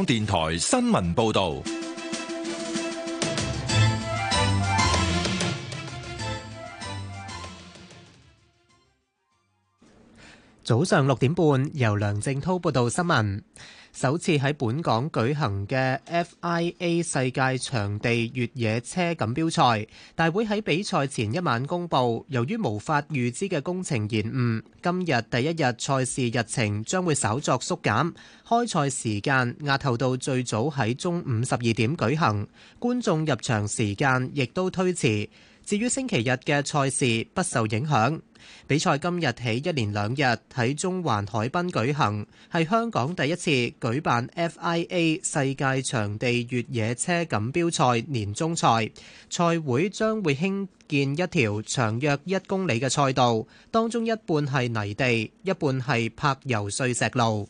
香港電台新聞報道。早上六點半，由梁靜濤報道新聞。首次喺本港舉行嘅 FIA 世界場地越野車錦標賽大會喺比賽前一晚公布，由於無法預知嘅工程延誤，今日第一日賽事日程將會稍作縮減，開賽時間押後到最早喺中午十二點舉行，觀眾入場時間亦都推遲。至於星期日嘅賽事不受影響，比賽今日起一連兩日喺中環海濱舉行，係香港第一次舉辦 FIA 世界場地越野車錦標賽年終賽。賽會將會興建一條長約一公里嘅賽道，當中一半係泥地，一半係柏油碎石路。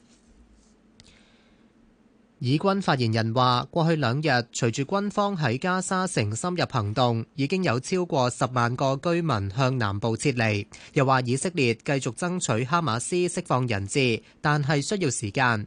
以軍發言人話：過去兩日，隨住軍方喺加沙城深入行動，已經有超過十萬個居民向南部撤離。又話以色列繼續爭取哈馬斯釋放人質，但係需要時間。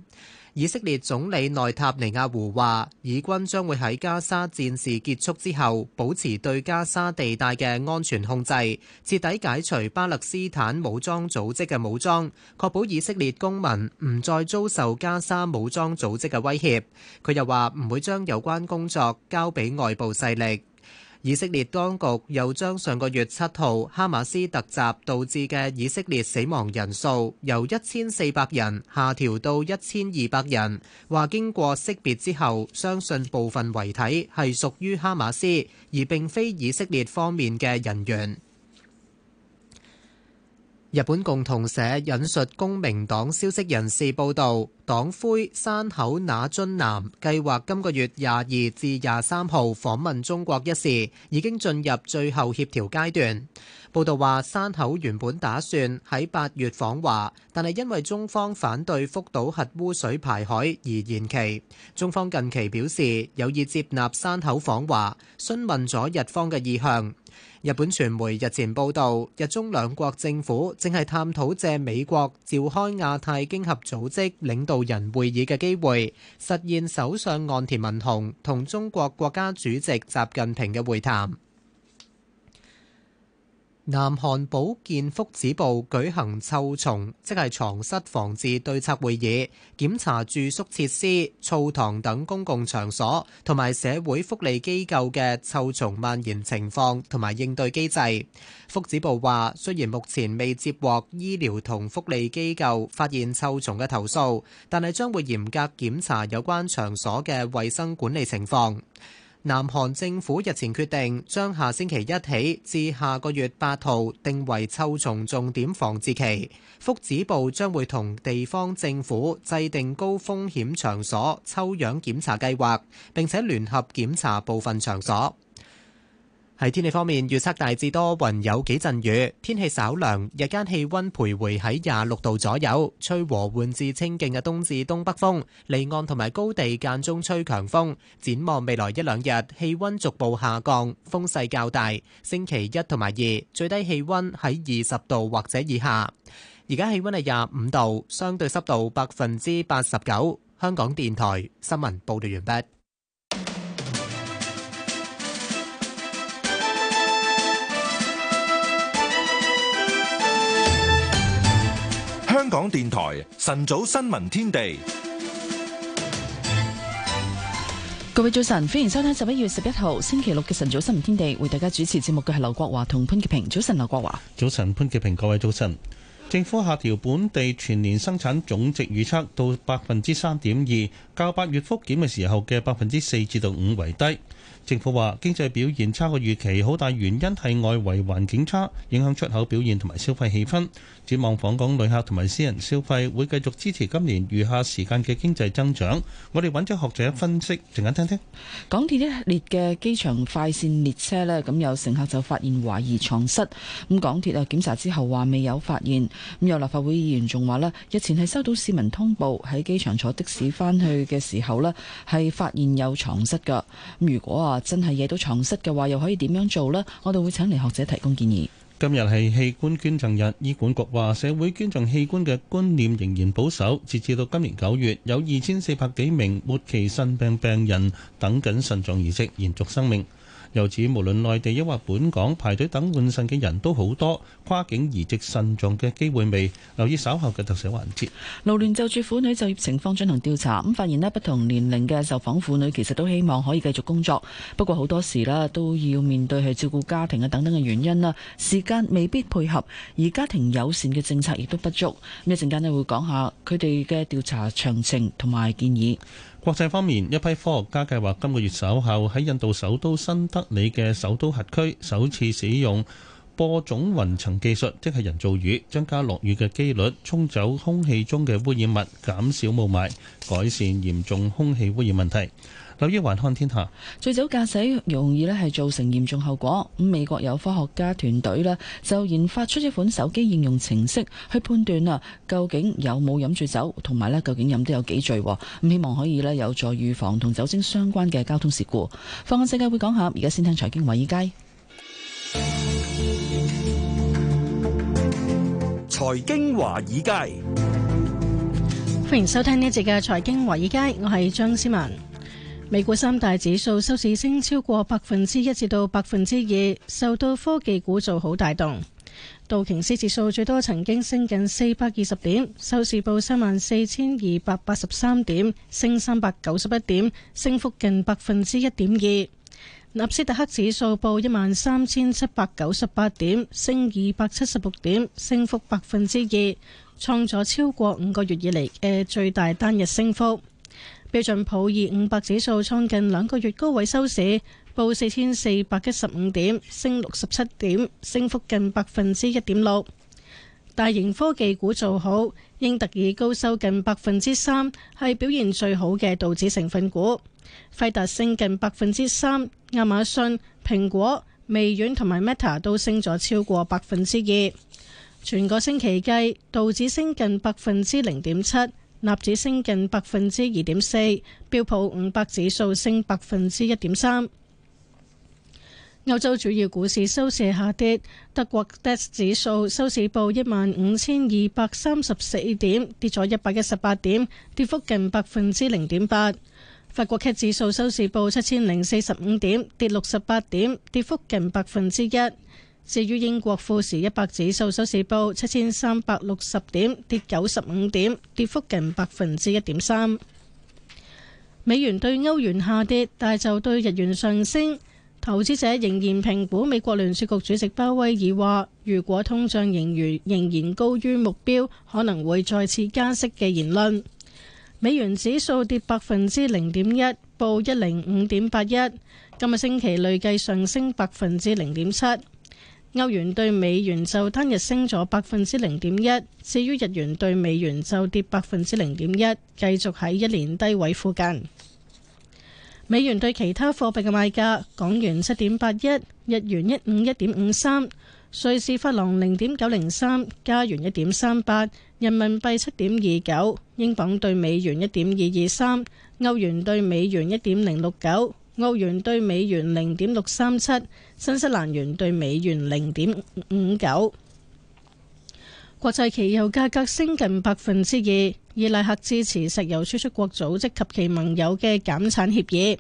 以色列總理內塔尼亞胡話，以軍將會喺加沙戰事結束之後，保持對加沙地帶嘅安全控制，徹底解除巴勒斯坦武裝組織嘅武裝，確保以色列公民唔再遭受加沙武裝組織嘅威脅。佢又話唔會將有關工作交俾外部勢力。以色列當局又將上個月七號哈馬斯突襲導致嘅以色列死亡人數由一千四百人下調到一千二百人，話經過識別之後，相信部分遺體係屬於哈馬斯，而並非以色列方面嘅人員。日本共同社引述公明黨消息人士報道，黨魁山口那津男計劃今個月廿二至廿三號訪問中國一事已經進入最後協調階段。報道話，山口原本打算喺八月訪華，但係因為中方反對福島核污水排海而延期，中方近期表示有意接納山口訪華，詢問咗日方嘅意向。日本傳媒日前報道，日中兩國政府正係探討借美國召開亞太經合組織領導人會議嘅機會，實現首相岸田文雄同中國國家主席習近平嘅會談。南韓保健福祉部舉行臭蟲，即係床蝨防治對策會議，檢查住宿設施、澡堂等公共場所同埋社會福利機構嘅臭蟲蔓延情況同埋應對機制。福祉部話，雖然目前未接獲醫療同福利機構發現臭蟲嘅投訴，但係將會嚴格檢查有關場所嘅衛生管理情況。南韓政府日前決定，將下星期一起至下個月八號定為臭蟲重點防治期。福祉部將會同地方政府制定高風險場所抽樣檢查計劃，並且聯合檢查部分場所。喺天氣方面，預測大致多雲有幾陣雨，天氣稍涼，日間氣溫徘徊喺廿六度左右，吹和緩至清勁嘅東至東北風，離岸同埋高地間中吹強風。展望未來一兩日，氣溫逐步下降，風勢較大。星期一同埋二，最低氣溫喺二十度或者以下。而家氣溫係廿五度，相對濕度百分之八十九。香港電台新聞報道完畢。香港電台晨早新聞天地，各位早晨，歡迎收聽十一月十一號星期六嘅晨早新聞天地，為大家主持節目嘅係劉國華同潘潔平。早晨，劉國華。早晨，潘潔平。各位早晨。政府下調本地全年生產總值預測到百分之三點二，較八月復檢嘅時候嘅百分之四至到五為低。政府話經濟表現差過預期，好大原因係外圍環境差，影響出口表現同埋消費氣氛。展望訪港旅客同埋私人消費，會繼續支持今年餘下時間嘅經濟增長。我哋揾咗學者分析，陣間聽聽。港鐵一列嘅機場快線列車呢，咁有乘客就發現懷疑床蝨。咁港鐵啊，檢查之後話未有發現。咁有立法會議員仲話呢，日前係收到市民通報，喺機場坐的士返去嘅時候呢，係發現有床蝨㗎。咁如果啊？真係惹到藏失嘅話，又可以點樣做呢？我哋會請嚟學者提供建議。今日係器官捐贈日，醫管局話社會捐贈器官嘅觀念仍然保守，截至到今年九月，有二千四百幾名末期腎病病人等緊腎臟移植，延續生命。由此，無論內地抑或本港，排隊等換腎嘅人都好多，跨境移植腎臟嘅機會未，留意稍後嘅特寫環節。勞聯就住婦女就業情況進行調查，咁發現咧不同年齡嘅受訪婦女其實都希望可以繼續工作，不過好多時咧都要面對去照顧家庭啊等等嘅原因啦，時間未必配合，而家庭友善嘅政策亦都不足。咁一陣間咧會講下佢哋嘅調查詳情同埋建議。國際方面，一批科學家計劃今個月稍後喺印度首都新德里嘅首都轄區首次使用播種雲層技術，即係人造雨，增加落雨嘅機率，沖走空氣中嘅污染物，減少霧霾，改善嚴重空氣污染問題。留意環漢天下，醉酒駕駛容易咧係造成嚴重後果。咁美國有科學家團隊啦，就研發出一款手機應用程式，去判斷啊究竟有冇飲住酒，同埋咧究竟飲得有幾醉。咁希望可以咧有助預防同酒精相關嘅交通事故。放眼世界會講下，而家先聽財經華爾街。財經華爾街，歡迎收聽呢一節嘅財經華爾街，我係張思文。美股三大指數收市升超過百分之一至到百分之二，受到科技股做好帶動。道瓊斯指數最多曾經升近四百二十點，收市報三萬四千二百八十三點，升三百九十一點，升幅近百分之一點二。納斯達克指數報一萬三千七百九十八點，升二百七十六點，升幅百分之二，創咗超過五個月以嚟嘅最大單日升幅。標準普爾五百指數創近兩個月高位收市，報四千四百一十五點，升六十七點，升幅近百分之一點六。大型科技股做好，英特爾高收近百分之三，係表現最好嘅道指成分股。輝達升近百分之三，亞馬遜、蘋果、微軟同埋 Meta 都升咗超過百分之二。全個星期計，道指升近百分之零點七。納指升近百分之二點四，標普五百指數升百分之一點三。歐洲主要股市收市下跌，德國 DAX 指數收市報一萬五千二百三十四點，跌咗一百一十八點，跌幅近百分之零點八。法國 CAC 指數收市報七千零四十五點，跌六十八點，跌幅近百分之一。至於英國富時一百指數收市報七千三百六十點，跌九十五點，跌幅近百分之一點三。美元對歐元下跌，但就對日元上升。投資者仍然評估美國聯儲局主席鮑威爾話，如果通脹仍然仍然高於目標，可能會再次加息嘅言論。美元指數跌百分之零點一，報一零五點八一。今個星期累計上升百分之零點七。歐元對美元就單日升咗百分之零點一，至於日元對美元就跌百分之零點一，繼續喺一年低位附近。美元對其他貨幣嘅賣價：港元七點八一，日元一五一點五三，瑞士法郎零點九零三，加元一點三八，人民幣七點二九，英鎊兌美元一點二二三，歐元兌美元一點零六九，歐元兌美元零點六三七。新西蘭元對美元零點五九，國際期油價格升近百分之二，伊拉克支持石油輸出國組織及其盟友嘅減產協議。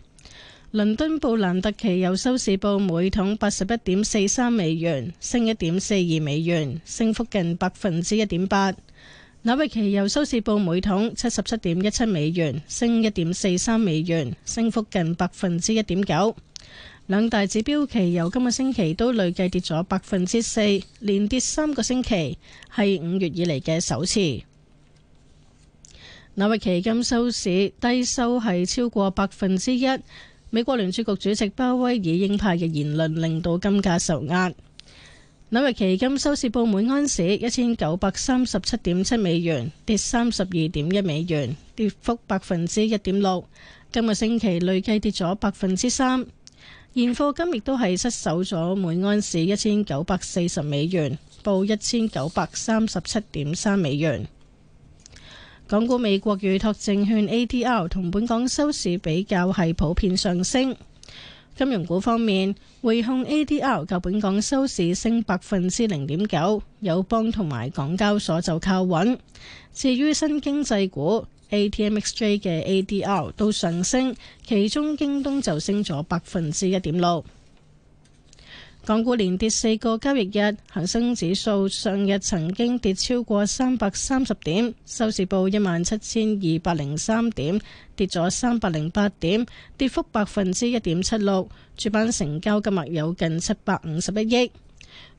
倫敦布蘭特期油收市報每桶八十一點四三美元，升一點四二美元，升幅近百分之一點八。紐約期油收市報每桶七十七點一七美元，升一點四三美元，升幅近百分之一點九。兩大指標期油今個星期都累計跌咗百分之四，連跌三個星期，係五月以嚟嘅首次。紐約期金收市低收係超過百分之一。美國聯儲局主席鮑威爾鷹派嘅言論令到金價受壓。紐約期金收市報每安士一千九百三十七點七美元，跌三十二點一美元，跌幅百分之一點六。今個星期累計跌咗百分之三。現貨金亦都係失守咗每安士一千九百四十美元，報一千九百三十七點三美元。港股美國預託證券 ADR 同本港收市比較係普遍上升。金融股方面，匯控 ADR 較本港收市升百分之零點九，友邦同埋港交所就靠穩。至於新經濟股，A T M X J 嘅 A D R 都上升，其中京東就升咗百分之一點六。港股連跌四個交易日，恒生指數上日曾經跌超過三百三十點，收市報一萬七千二百零三點，跌咗三百零八點，跌幅百分之一點七六。主板成交金額有近七百五十一億。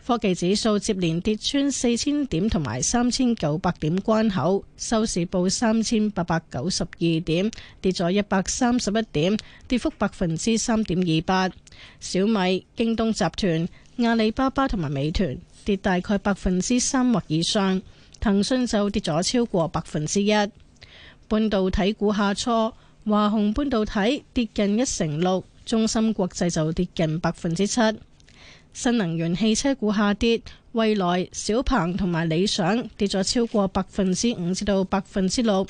科技指數接連跌穿四千點同埋三千九百點關口，收市報三千八百九十二點，跌咗一百三十一點，跌幅百分之三點二八。小米、京東集團、阿里巴巴同埋美團跌大概百分之三或以上，騰訊就跌咗超過百分之一。半導體股下挫，華虹半導體跌近一成六，中芯國際就跌近百分之七。新能源汽車股下跌，蔚來、小鵬同埋理想跌咗超過百分之五至到百分之六。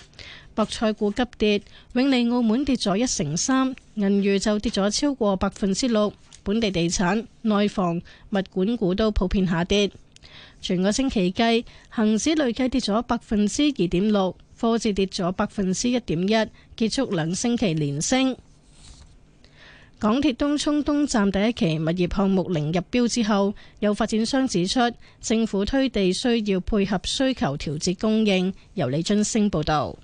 博彩股急跌，永利澳門跌咗一成三，銀娛就跌咗超過百分之六。本地地產、內房、物管股都普遍下跌。全個星期計，恒指累計跌咗百分之二點六，科指跌咗百分之一點一，結束兩星期連升。港鐵東湧東站第一期物業項目零入標之後，有發展商指出，政府推地需要配合需求調節供應。由李津升報導。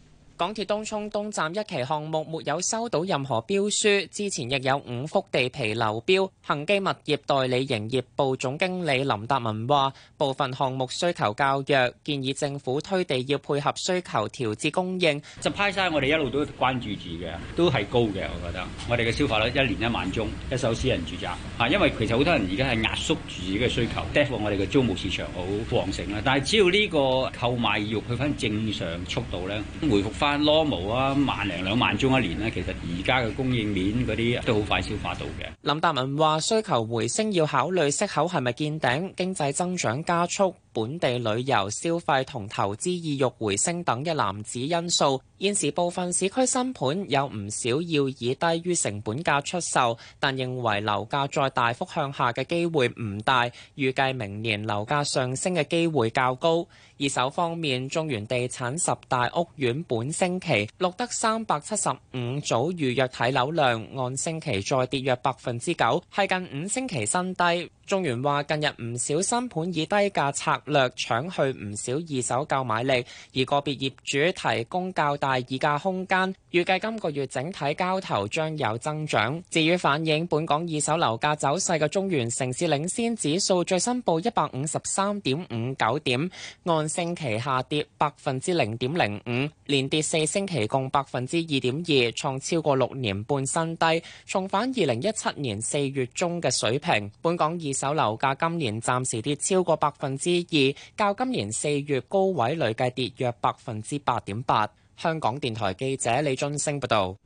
港鐵東涌東站一期項目沒有收到任何標書，之前亦有五幅地皮流標。恒基物業代理營業部總經理林達文話：部分項目需求較弱，建議政府推地要配合需求調節供應。就派晒我哋一路都關注住嘅，都係高嘅。我覺得我哋嘅消化率一年一萬宗，一手私人住宅嚇，因為其實好多人而家係壓縮住自己嘅需求。跌我哋嘅租務市場好旺盛啦，但係只要呢個購買意欲去翻正常速度咧，回覆翻。攞啊，萬零兩萬宗一年咧，其實而家嘅供應鏈嗰啲都好快消化到嘅。林達文話：需求回升要考慮息口係咪見頂，經濟增長加速。本地旅遊消費同投資意欲回升等嘅男子因素，現時部分市區新盤有唔少要以低於成本價出售，但認為樓價再大幅向下嘅機會唔大，預計明年樓價上升嘅機會較高。二手方面，中原地產十大屋苑本星期錄得三百七十五組預約睇樓量，按星期再跌約百分之九，係近五星期新低。中原話：近日唔少新盤以低價策略搶去唔少二手購買力，而個別業主提供較大議價空間。預計今個月整體交投將有增長。至於反映本港二手樓價走勢嘅中原城市領先指數最新報一百五十三點五九點，按星期下跌百分之零點零五，連跌四星期共百分之二點二，創超過六年半新低，重返二零一七年四月中嘅水平。本港二手酒樓價今年暫時跌超過百分之二，較今年四月高位累計跌約百分之八點八。香港電台記者李津升報道。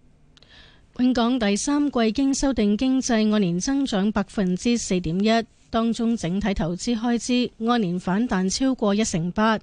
本港第三季經修訂經濟按年增長百分之四點一，當中整體投資開支按年反彈超過一成八。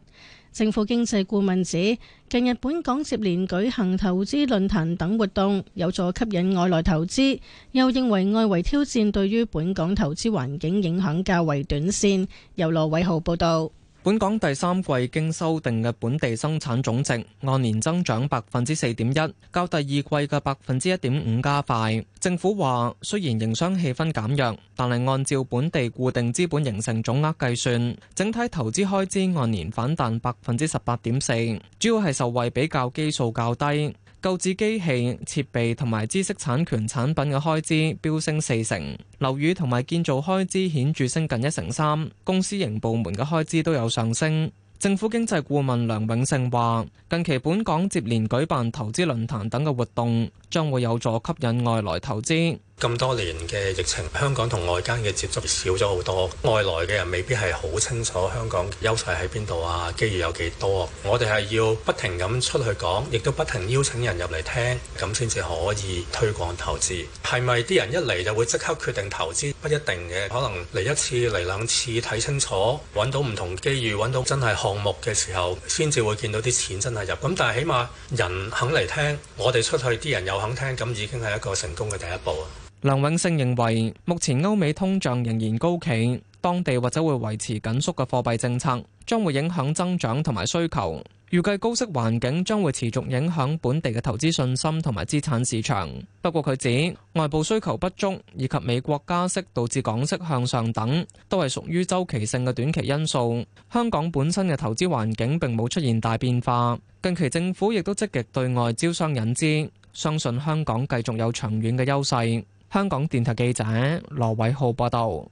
政府經濟顧問指，近日本港接連舉行投資論壇等活動，有助吸引外來投資，又認為外圍挑戰對於本港投資環境影響較為短線。由羅偉豪報導。本港第三季經修訂嘅本地生產總值按年增長百分之四點一，較第二季嘅百分之一點五加快。政府話，雖然營商氣氛減弱，但係按照本地固定資本形成總額計算，整體投資開支按年反彈百分之十八點四，主要係受惠比較基數較低。購置機器設備同埋知識產權產品嘅開支飆升四成，樓宇同埋建造開支顯著升近一成三，公司營部門嘅開支都有上升。政府經濟顧問梁永勝話，近期本港接連舉辦投資論壇等嘅活動，將會有助吸引外來投資。咁多年嘅疫情，香港同外間嘅接觸少咗好多。外來嘅人未必係好清楚香港優勢喺邊度啊，機遇有幾多？我哋係要不停咁出去講，亦都不停邀請人入嚟聽，咁先至可以推廣投資。係咪啲人一嚟就會即刻決定投資？不一定嘅，可能嚟一次嚟兩次睇清楚，揾到唔同機遇，揾到真係項目嘅時候，先至會見到啲錢真係入。咁但係起碼人肯嚟聽，我哋出去啲人又肯聽，咁已經係一個成功嘅第一步啊！梁永勝認為，目前歐美通脹仍然高企，當地或者會維持緊縮嘅貨幣政策，將會影響增長同埋需求。預計高息環境將會持續影響本地嘅投資信心同埋資產市場。不過佢指，外部需求不足以及美國加息導致港息向上等，都係屬於周期性嘅短期因素。香港本身嘅投資環境並冇出現大變化，近期政府亦都積極對外招商引資，相信香港繼續有長遠嘅優勢。香港電台記者羅偉浩報道，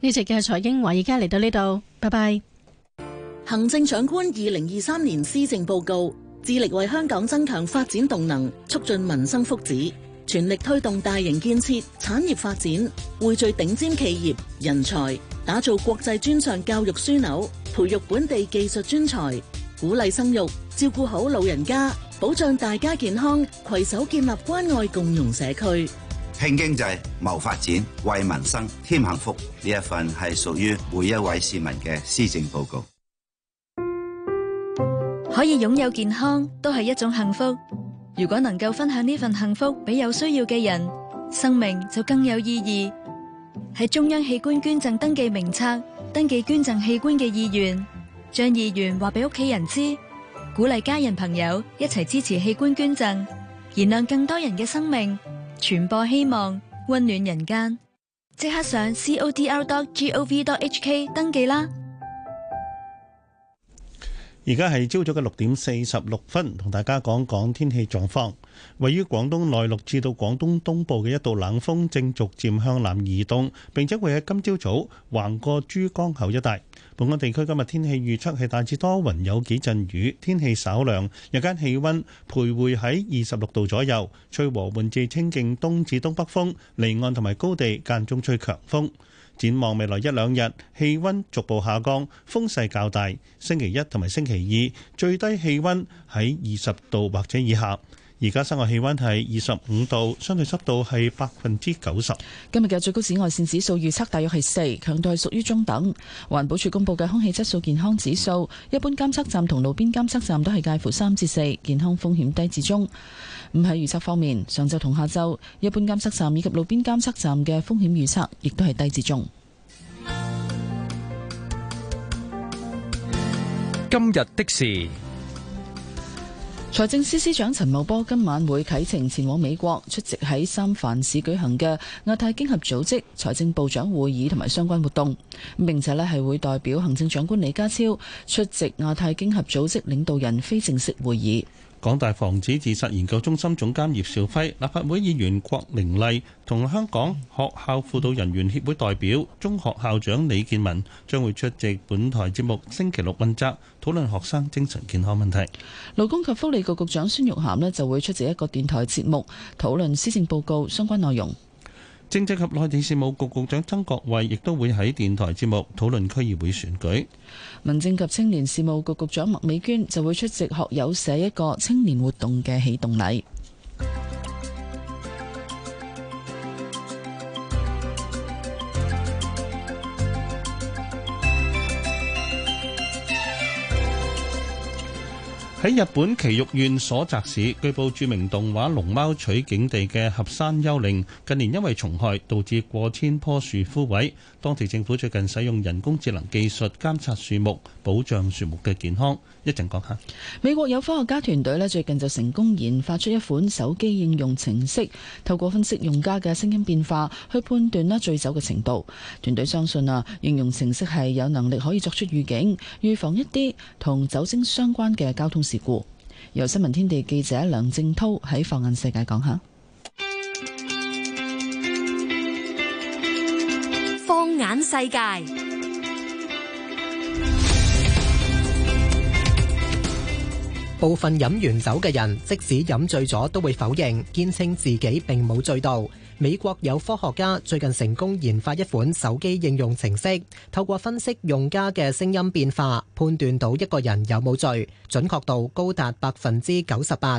呢集嘅蔡英華而家嚟到呢度，拜拜。行政長官二零二三年施政報告，致力為香港增強發展動能，促進民生福祉，全力推動大型建設、產業發展，匯聚頂尖企業人才，打造國際專上教育樞紐，培育本地技術專才，鼓勵生育，照顧好老人家，保障大家健康，携手建立關愛共融社區。興經濟、謀發展、為民生添幸福，呢一份係屬於每一位市民嘅施政報告。可以擁有健康都係一種幸福，如果能夠分享呢份幸福俾有需要嘅人，生命就更有意義。喺中央器官捐贈登記名冊登記捐贈器官嘅意願，將意願話俾屋企人知，鼓勵家人朋友一齊支持器官捐贈，燃亮更多人嘅生命。傳播希望，溫暖人間。即刻上，上 codr.gov.hk 登記啦！而家係朝早嘅六點四十六分，同大家講講天氣狀況。位於廣東內陸至到廣東東部嘅一道冷鋒正逐漸向南移動，並且會喺今朝早橫過珠江口一帶。本港地區今日天，天氣預測係大致多雲有幾陣雨，天氣稍涼，日間氣温徘徊喺二十六度左右，吹和緩至清勁東至東北風，離岸同埋高地間中吹強風。展望未來一兩日，氣温逐步下降，風勢較大。星期一同埋星期二最低氣温喺二十度或者以下。而家室外氣溫係二十五度，相對濕度係百分之九十。今日嘅最高紫外線指數預測大約係四，強度係屬於中等。環保署公布嘅空氣質素健康指數，一般監測站同路邊監測站都係介乎三至四，健康風險低至中。唔喺預測方面，上晝同下晝，一般監測站以及路邊監測站嘅風險預測亦都係低至中。今日的事。財政司司長陳茂波今晚會啟程前往美國，出席喺三藩市舉行嘅亞太經合組織財政部長會議同埋相關活動。咁並且咧係會代表行政長官李家超出席亞太經合組織領導人非正式會議。港大防止自殺研究中心總監葉兆輝、立法會議員郭玲麗同香港學校輔導人員協會代表、中學校長李建文將會出席本台節目星期六問責，討論學生精神健康問題。勞工及福利局局長孫玉涵咧就會出席一個電台節目，討論施政報告相關內容。政制及內地事務局局，局長曾國衛亦都會喺電台節目討論區議會選舉。民政及青年事務局局長麥美娟就會出席學友社一個青年活動嘅起動禮。喺日本埼玉縣所澤市，據報著名動畫《龍貓》取景地嘅合山幽靈近年因為蟲害導致過千棵樹枯萎，當地政府最近使用人工智能技術監察樹木，保障樹木嘅健康。一陣講下。美國有科學家團隊咧，最近就成功研發出一款手機應用程式，透過分析用家嘅聲音變化，去判斷咧醉酒嘅程度。團隊相信啊，應用程式係有能力可以作出預警，預防一啲同酒精相關嘅交通事故。由新聞天地記者梁正濤喺放眼世界講下。放眼世界。部分飲完酒嘅人，即使飲醉咗，都會否認，堅稱自己並冇醉到。美國有科學家最近成功研發一款手機應用程式，透過分析用家嘅聲音變化，判斷到一個人有冇醉，準確度高達百分之九十八。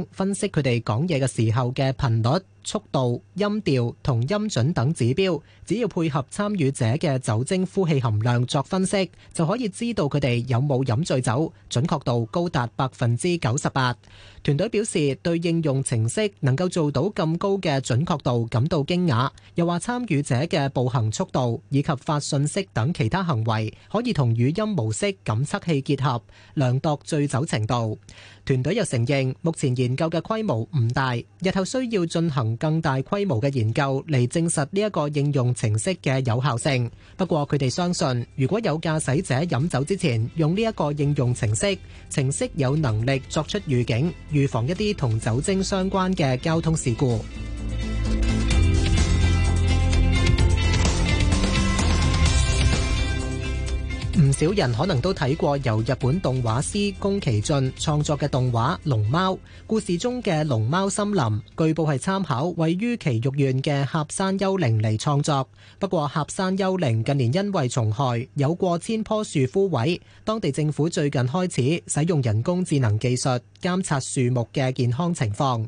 分析佢哋講嘢嘅時候嘅頻率、速度、音調同音準等指標，只要配合參與者嘅酒精呼氣含量作分析，就可以知道佢哋有冇飲醉酒，準確度高達百分之九十八。團隊表示，對應用程式能夠做到咁高嘅準確度感到驚訝，又話參與者嘅步行速度以及發訊息等其他行為可以同語音模式感測器結合量度醉酒程度。團隊又承認，目前研究嘅規模唔大，日後需要進行更大規模嘅研究嚟證實呢一個應用程式嘅有效性。不過佢哋相信，如果有駕駛者飲酒之前用呢一個應用程式，程式有能力作出預警，預防一啲同酒精相關嘅交通事故。唔少人可能都睇過由日本動畫師宮崎駿創作嘅動畫《龍貓》，故事中嘅龍貓森林據報係參考位於埼玉縣嘅狹山丘陵嚟創作。不過狹山丘陵近年因為蟲害，有過千棵樹枯萎，當地政府最近開始使用人工智能技術監察樹木嘅健康情況。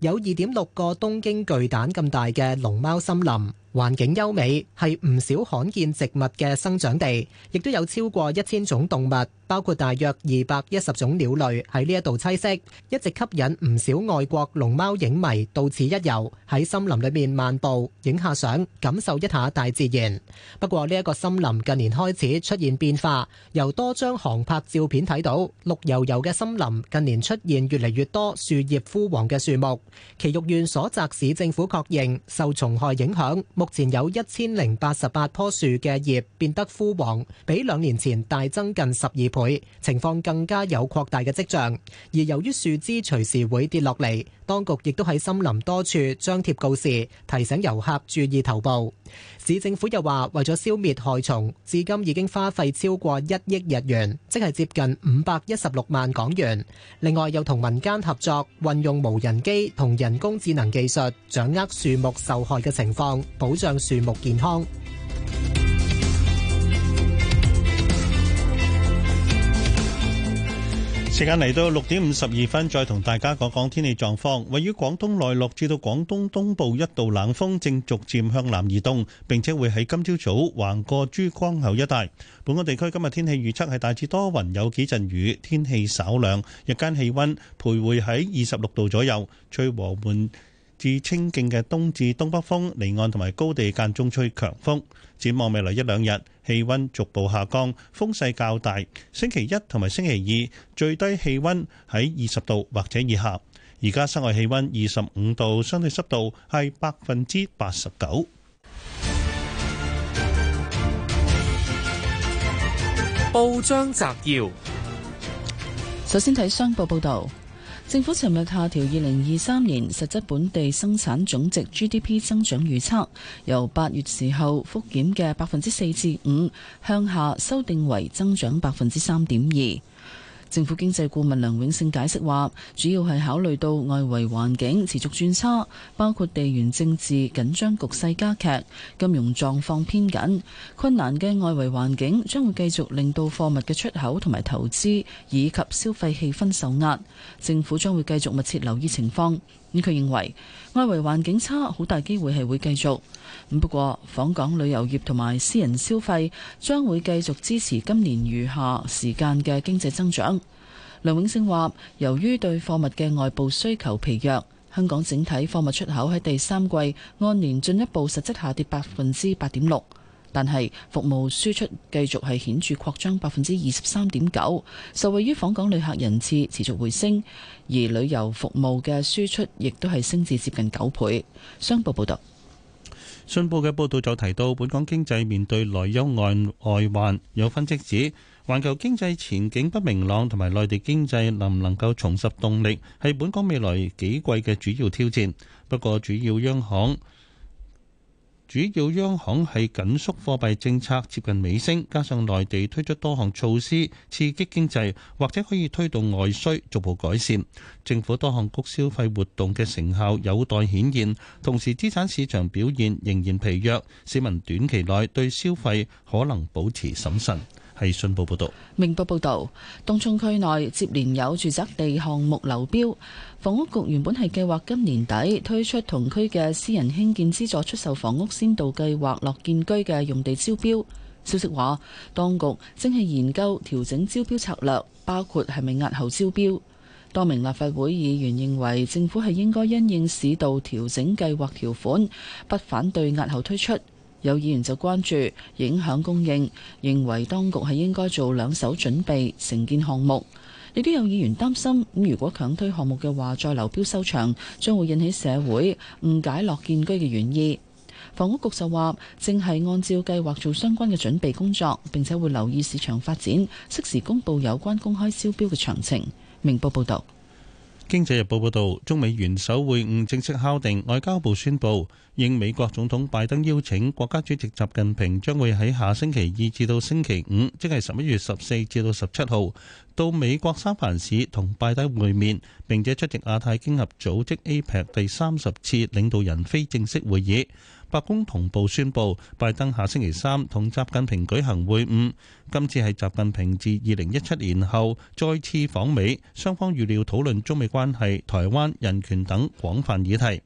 有二點六個東京巨蛋咁大嘅龍貓森林。環境優美，係唔少罕見植物嘅生長地，亦都有超過一千種動物，包括大約二百一十種鳥類喺呢一度棲息，一直吸引唔少外國龍貓影迷到此一遊，喺森林裏面漫步影下相，感受一下大自然。不過呢一個森林近年開始出現變化，由多張航拍照片睇到綠油油嘅森林近年出現越嚟越多樹葉枯黃嘅樹木，埼玉縣所澤市政府確認受蟲害影響目前有一千零八十八棵樹嘅葉變得枯黃，比兩年前大增近十二倍，情況更加有擴大嘅跡象。而由於樹枝隨時會跌落嚟，當局亦都喺森林多處張貼告示，提醒遊客注意頭部。市政府又話，為咗消滅害蟲，至今已經花費超過一億日元，即係接近五百一十六萬港元。另外，又同民間合作，運用無人機同人工智能技術，掌握樹木受害嘅情況，保障樹木健康。時間嚟到六點五十二分，再同大家講講天氣狀況。位於廣東內陸至到廣東東部一道冷鋒正逐漸向南移動，並且會喺今朝早橫過珠江口一帶。本港地區今日天氣預測係大致多雲，有幾陣雨，天氣稍涼，日間氣温徘徊喺二十六度左右，吹和緩。至清勁嘅東至東北風，離岸同埋高地間中吹強風。展望未來一兩日，氣温逐步下降，風勢較大。星期一同埋星期二最低氣温喺二十度或者以下。而家室外氣温二十五度，相對濕度係百分之八十九。報章摘要，首先睇商報報道。政府尋日下調二零二三年實質本地生產總值 GDP 增長預測，由八月時候覆檢嘅百分之四至五向下修訂為增長百分之三點二。政府經濟顧問梁永勝解釋話，主要係考慮到外圍環境持續轉差，包括地緣政治緊張局勢加劇、金融狀況偏緊，困難嘅外圍環境將會繼續令到貨物嘅出口同埋投資，以及消費氣氛受壓。政府將會繼續密切留意情況。咁佢認為外圍環境差，好大機會係會繼續。不過，訪港旅遊業同埋私人消費將會繼續支持今年餘下時間嘅經濟增長。梁永勝話：由於對貨物嘅外部需求疲弱，香港整體貨物出口喺第三季按年進一步實質下跌百分之八點六。但係服務輸出繼續係顯著擴張，百分之二十三點九，受惠於訪港旅客人次持續回升，而旅遊服務嘅輸出亦都係升至接近九倍。商報報道。信報嘅報導就提到，本港經濟面對內憂外外患，有分析指，環球經濟前景不明朗，同埋內地經濟能唔能夠重拾動力，係本港未來幾季嘅主要挑戰。不過主要央行主要央行係緊縮貨幣政策接近尾聲，加上內地推出多項措施刺激經濟，或者可以推動外需逐步改善。政府多項谷消費活動嘅成效有待顯現，同時資產市場表現仍然疲弱，市民短期內對消費可能保持審慎。係信報報道，明報報道，東涌區內接連有住宅地項目流標。房屋局原本係計劃今年底推出同區嘅私人興建資助出售房屋先導計劃樂建居嘅用地招標。消息話，當局正係研究調整招標策略，包括係咪押後招標。多名立法會議員認為政府係應該因應市道調整計劃條款，不反對押後推出。有議員就關注影響供應，認為當局係應該做兩手準備，承建項目。亦都有議員擔心，咁如果強推項目嘅話，再流標收場，將會引起社會誤解樂建居嘅原意。房屋局就話，正係按照計劃做相關嘅準備工作，並且會留意市場發展，適時公佈有關公開招標嘅詳情。明報報導。經濟日報報道，中美元首會晤正式敲定。外交部宣布，應美國總統拜登邀請，國家主席習近平將會喺下星期二至到星期五，即係十一月十四至到十七號，到美國三藩市同拜登會面，並且出席亞太經合組織 APEC 第三十次領導人非正式會議。白宮同步宣布，拜登下星期三同習近平舉行會晤。今次係習近平自二零一七年後再次訪美，雙方預料討論中美關係、台灣、人權等廣泛議題。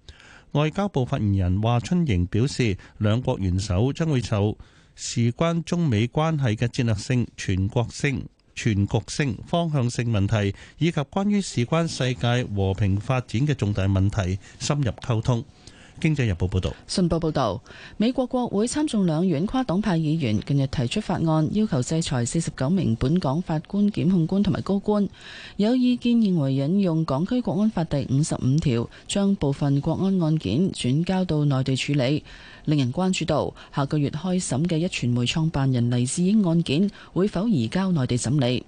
外交部發言人華春瑩表示，兩國元首將會就事關中美關係嘅戰略性、全國性、全局性、方向性問題，以及關於事關世界和平發展嘅重大問題，深入溝通。經濟日報報道，信報報導，美國國會參眾兩院跨黨派議員近日提出法案，要求制裁四十九名本港法官、檢控官同埋高官。有意見認為引用港區國安法第五十五條，將部分國安案件轉交到內地處理，令人關注到下個月開審嘅壹傳媒創辦人黎智英案件，會否移交內地審理？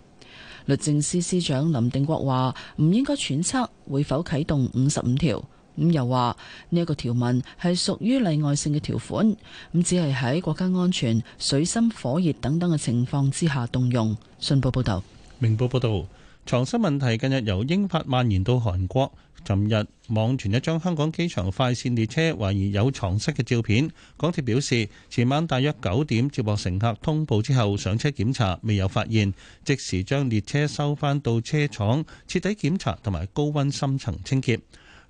律政司司長林定國話：唔應該揣測會否啟動五十五條。咁又話呢一個條文係屬於例外性嘅條款，咁只係喺國家安全、水深火熱等等嘅情況之下動用。信報報道，明報報道：「床蝨問題近日由英法蔓延到韓國。尋日網傳一張香港機場快線列車懷疑有床蝨嘅照片，港鐵表示前晚大約九點接獲乘客通報之後，上車檢查未有發現，即時將列車收翻到車廠徹底檢查同埋高溫深層清潔。」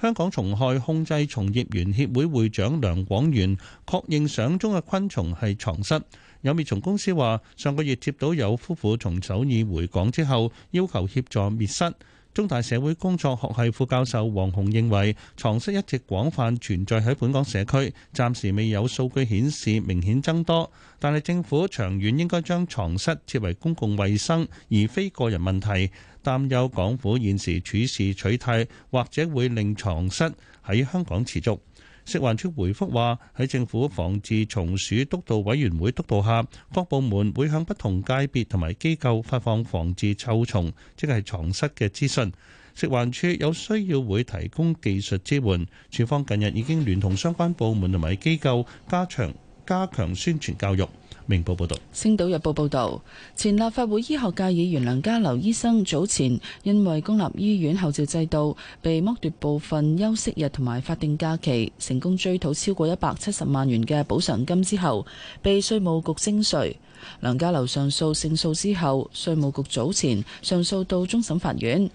香港蟲害控制從業員協會會長梁廣源確認相中嘅昆蟲係床蝨。有滅蟲公司話上個月接到有夫婦從首爾回港之後要求協助滅蝨。中大社會工作學系副教授黃鴻認為床蝨一直廣泛存在喺本港社區，暫時未有數據顯示明顯增多。但係政府長遠應該將床蝨設為公共衛生，而非個人問題。擔憂港府現時處事取態，或者會令床蝨喺香港持續。食環署回覆話，喺政府防治蟲鼠督導委員會督導下，各部門會向不同界別同埋機構發放防治臭蟲即係床蝨嘅資訊。食環署有需要會提供技術支援。署方近日已經聯同相關部門同埋機構加強加強宣傳教育。明報報導，《星島日報》報導，前立法會醫學界議員梁家騮醫生早前因為公立醫院候召制度被剝奪部分休息日同埋法定假期，成功追討超過一百七十萬元嘅補償金之後，被稅務局徵稅。梁家騮上訴勝訴之後，稅務局早前上訴到終審法院，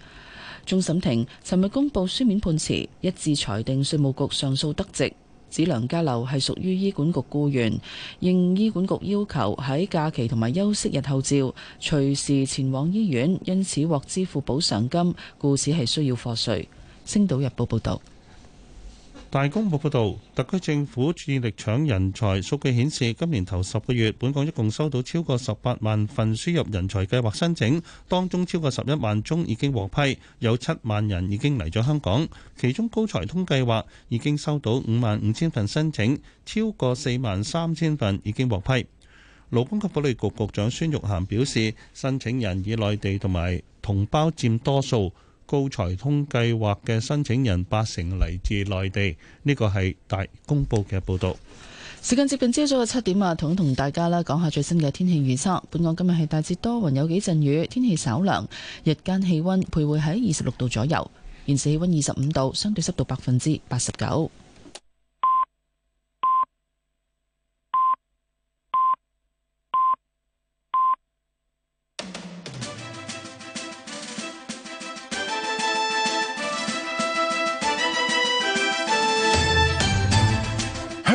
終審庭尋日公佈書面判詞，一致裁定稅務局上訴得直。指梁家樓係屬於醫管局僱員，應醫管局要求喺假期同埋休息日候召，隨時前往醫院，因此獲支付補償金，故此係需要課稅。星島日報報導。大公報報導，特區政府致力搶人才。數據顯示，今年頭十個月，本港一共收到超過十八萬份輸入人才計劃申請，當中超過十一萬宗已經獲批，有七萬人已經嚟咗香港。其中高才通計劃已經收到五萬五千份申請，超過四萬三千份已經獲批。勞工及福利局局長孫玉菡表示，申請人以內地同埋同胞佔多數。高才通計劃嘅申請人八成嚟自內地，呢個係大公報嘅報導。時間接近朝早嘅七點啊，同同大家啦講下最新嘅天氣預測。本港今日係大致多雲，雲有幾陣雨，天氣稍涼，日間氣温徘徊喺二十六度左右。現時氣温二十五度，相對濕度百分之八十九。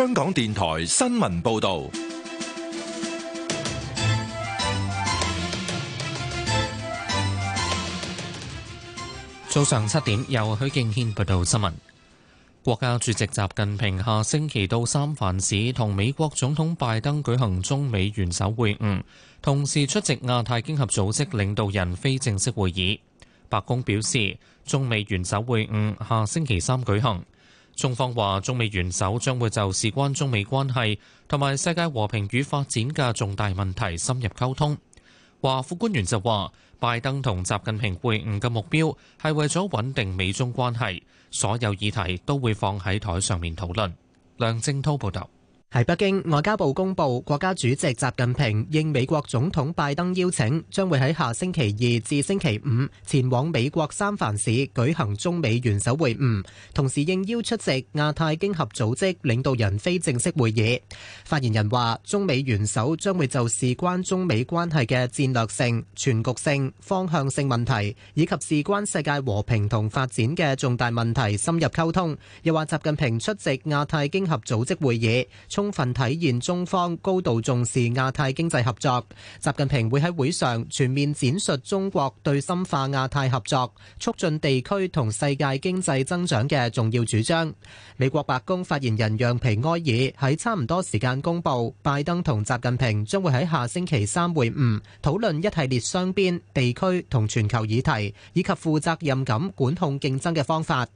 香港電台新聞報道，早上七點，由許敬軒報道新聞。國家主席習近平下星期到三藩市同美國總統拜登舉行中美元首會晤，同時出席亞太經合組織領導人非正式會議。白宮表示，中美元首會晤下星期三舉行。中方話，中美元首將會就事關中美關係同埋世界和平與發展嘅重大問題深入溝通。華府官員就話，拜登同習近平會晤嘅目標係為咗穩定美中關係，所有議題都會放喺台上面討論。梁正滔報導。喺北京，外交部公布，國家主席習近平應美國總統拜登邀請，將會喺下星期二至星期五前往美國三藩市舉行中美元首會晤，同時應邀出席亞太經合組織領導人非正式會議。發言人話，中美元首將會就事關中美關係嘅戰略性、全局性、方向性問題，以及事關世界和平同發展嘅重大問題深入溝通。又話，習近平出席亞太經合組織會議。充分體現中方高度重視亞太經濟合作。習近平會喺會上全面展述中國對深化亞太合作、促進地區同世界經濟增長嘅重要主張。美國白宮發言人讓皮埃爾喺差唔多時間公布，拜登同習近平將會喺下星期三會晤，討論一系列雙邊、地區同全球議題，以及負責任感管控競爭嘅方法。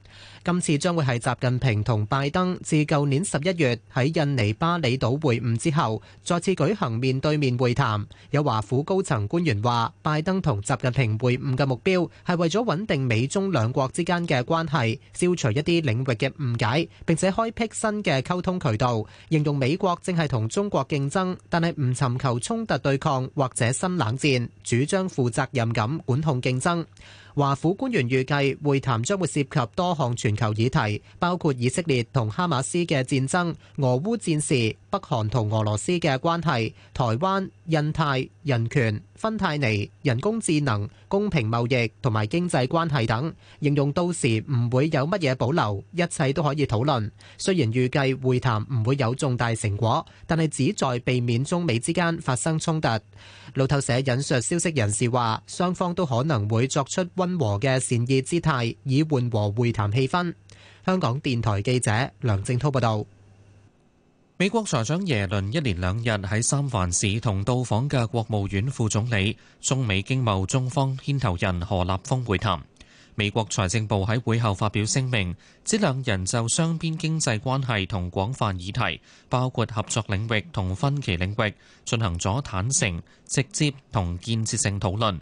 今次將會係習近平同拜登自舊年十一月喺印尼，巴厘島會晤之後，再次舉行面對面會談。有華府高層官員話，拜登同習近平會晤嘅目標係為咗穩定美中兩國之間嘅關係，消除一啲領域嘅誤解，並且開闢新嘅溝通渠道。形容美國正係同中國競爭，但係唔尋求衝突對抗或者新冷戰，主張負責任咁管控競爭。華府官員預計會談將會涉及多項全球議題，包括以色列同哈馬斯嘅戰爭、俄烏戰事、北韓同俄羅斯嘅關係、台灣、印太、人權、芬太尼、人工智能、公平貿易同埋經濟關係等。形容到時唔會有乜嘢保留，一切都可以討論。雖然預計會談唔會有重大成果，但係旨在避免中美之間發生衝突。路透社引述消息人士話，雙方都可能會作出溫。和嘅善意姿態，以緩和會談氣氛。香港電台記者梁正濤報道，美國財長耶倫一連兩日喺三藩市同到訪嘅國務院副總理、中美經貿中方牽頭人何立峰會談。美國財政部喺會後發表聲明，指兩人就雙邊經濟關係同廣泛議題，包括合作領域同分歧領域，進行咗坦誠、直接同建設性討論。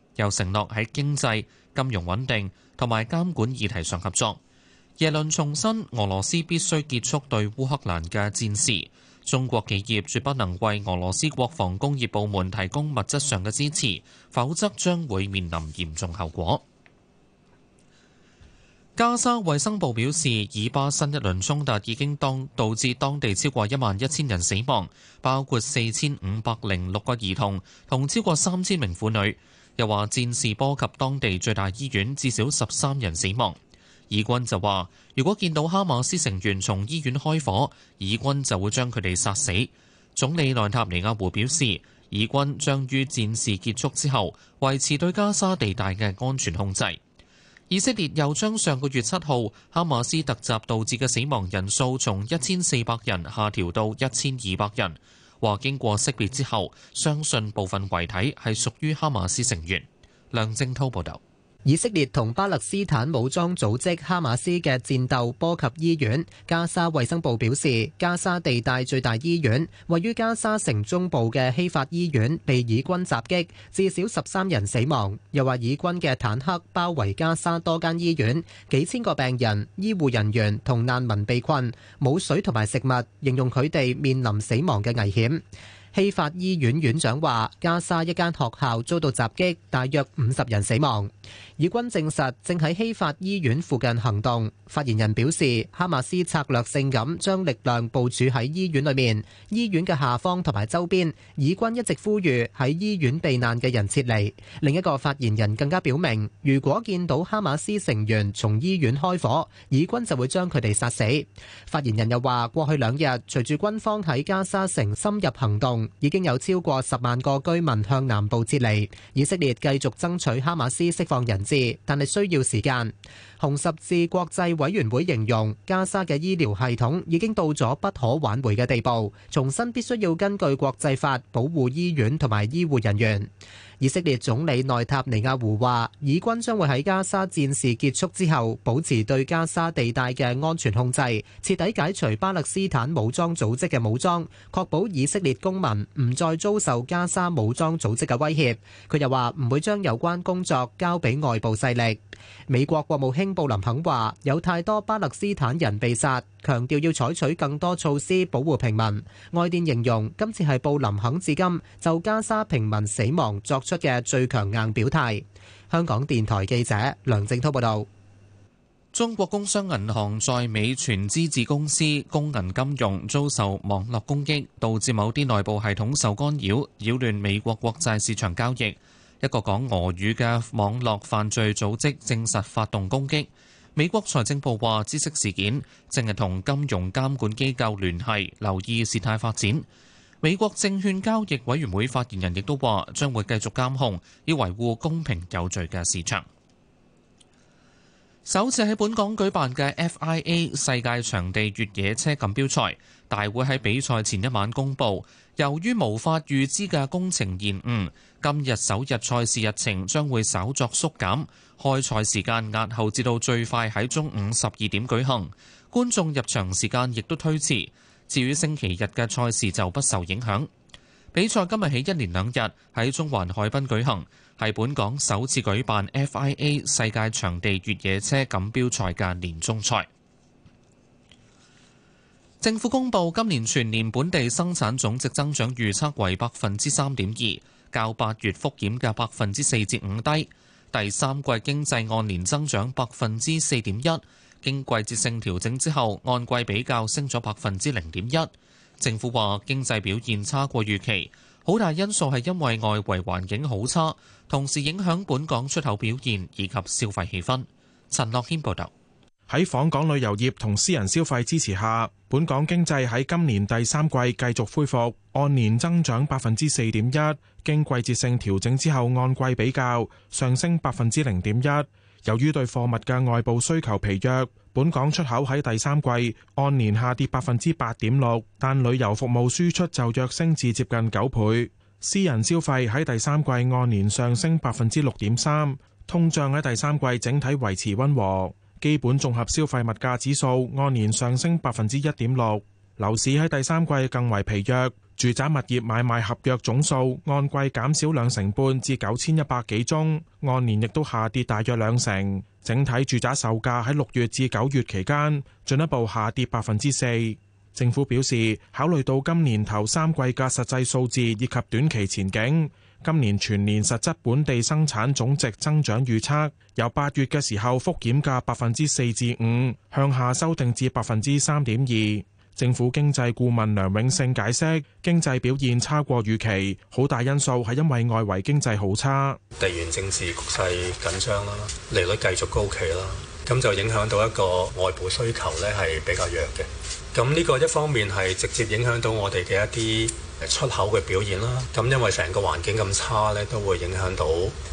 又承諾喺經濟、金融穩定同埋監管議題上合作。耶倫重申，俄羅斯必須結束對烏克蘭嘅戰事。中國企業絕不能為俄羅斯國防工業部門提供物質上嘅支持，否則將會面臨嚴重後果。加沙衛生部表示，以巴新一輪衝突已經當導致當地超過一萬一千人死亡，包括四千五百零六個兒童同超過三千名婦女。又話戰事波及當地最大醫院，至少十三人死亡。以軍就話，如果見到哈馬斯成員從醫院開火，以軍就會將佢哋殺死。總理內塔尼亞胡表示，以軍將於戰事結束之後維持對加沙地帶嘅安全控制。以色列又將上個月七號哈馬斯突襲導致嘅死亡人數從一千四百人下調到一千二百人。話經過識別之後，相信部分遺體係屬於哈馬斯成員。梁正滔報導。以色列同巴勒斯坦武裝組織哈馬斯嘅戰鬥波及醫院。加沙衛生部表示，加沙地帶最大醫院位於加沙城中部嘅希法醫院被以軍襲擊，至少十三人死亡。又話以軍嘅坦克包圍加沙多間醫院，幾千個病人、醫護人員同難民被困，冇水同埋食物，形容佢哋面臨死亡嘅危險。希法醫院院長話，加沙一間學校遭到襲擊，大約五十人死亡。以軍證實正喺希法醫院附近行動。發言人表示，哈馬斯策略性咁將力量部署喺醫院裏面、醫院嘅下方同埋周邊。以軍一直呼籲喺醫院避難嘅人撤離。另一個發言人更加表明，如果見到哈馬斯成員從醫院開火，以軍就會將佢哋殺死。發言人又話，過去兩日隨住軍方喺加沙城深入行動，已經有超過十萬個居民向南部撤離。以色列繼續爭取哈馬斯釋放人。但係需要時間。紅十字國際委員會形容加沙嘅醫療系統已經到咗不可挽回嘅地步，重新必須要根據國際法保護醫院同埋醫護人員。以色列總理內塔尼亞胡話，以軍將會喺加沙戰事結束之後保持對加沙地帶的安全控制，徹底解除巴勒斯坦武裝組織的武裝，確保以色列公民唔再遭受加沙武裝組織的威脅。佢又話唔會將有關工作交俾外部勢力。美國國務卿布林肯話，有太多巴勒斯坦人被殺，強調要採取更多措施保護平民。外電形容今次是布林肯至今就加沙平民死亡作出出嘅最強硬表態。香港電台記者梁正濤報道：中國工商銀行在美全資子公司工銀金融遭受網絡攻擊，導致某啲內部系統受干擾，擾亂美國國債市場交易。一個講俄語嘅網絡犯罪組織證實發動攻擊。美國財政部話，知悉事件正係同金融監管機構聯繫，留意事態發展。美國證券交易委員會發言人亦都話，將會繼續監控，以維護公平有序嘅市場。首次喺本港舉辦嘅 FIA 世界場地越野車錦標賽大會喺比賽前一晚公布，由於無法預知嘅工程延誤，今日首日賽事日程將會稍作縮減，開賽時間押後至到最快喺中午十二點舉行，觀眾入場時間亦都推遲。至於星期日嘅賽事就不受影響。比賽今日起一連兩日喺中環海濱舉行，係本港首次舉辦 FIA 世界場地越野車錦標賽嘅年終賽。政府公布今年全年本地生產總值增長預測為百分之三點二，較八月復檢嘅百分之四至五低。第三季經濟按年增長百分之四點一。經季節性調整之後，按季比較升咗百分之零點一。政府話經濟表現差過預期，好大因素係因為外圍環境好差，同時影響本港出口表現以及消費氣氛。陳樂謙報道。喺訪港旅遊業同私人消費支持下，本港經濟喺今年第三季繼續恢復，按年增長百分之四點一，經季節性調整之後，按季比較上升百分之零點一。由於對貨物嘅外部需求疲弱，本港出口喺第三季按年下跌百分之八點六，但旅遊服務輸出就躍升至接近九倍。私人消費喺第三季按年上升百分之六點三，通脹喺第三季整體維持溫和。基本綜合消費物價指數按年上升百分之一點六。樓市喺第三季更為疲弱。住宅物業買賣合約總數按季減少兩成半至九千一百幾宗，按年亦都下跌大約兩成。整體住宅售價喺六月至九月期間進一步下跌百分之四。政府表示，考慮到今年頭三季嘅實際數字以及短期前景，今年全年實質本地生產總值增長預測由八月嘅時候覆檢價百分之四至五向下修訂至百分之三點二。政府經濟顧問梁永勝解釋，經濟表現差過預期，好大因素係因為外圍經濟好差，地緣政治局勢緊張啦，利率繼續高企啦，咁就影響到一個外部需求呢係比較弱嘅。咁呢個一方面係直接影響到我哋嘅一啲出口嘅表現啦。咁因為成個環境咁差呢，都會影響到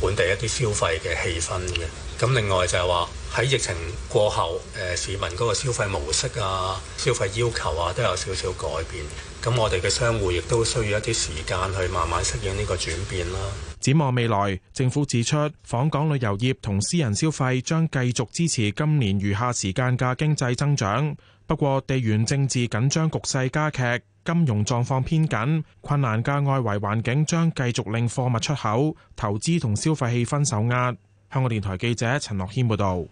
本地一啲消費嘅氣氛嘅。咁另外就係話喺疫情過後誒市民嗰個消費模式啊、消費要求啊，都有少少改變，咁我哋嘅商戶亦都需要一啲時間去慢慢適應呢個轉變啦。展望未來，政府指出，訪港旅遊業同私人消費將繼續支持今年餘下時間嘅經濟增長，不過地緣政治緊張局勢加劇，金融狀況偏緊，困難嘅外圍環境將繼續令貨物出口、投資同消費氣氛受壓。香港電台記者陳樂謙報道：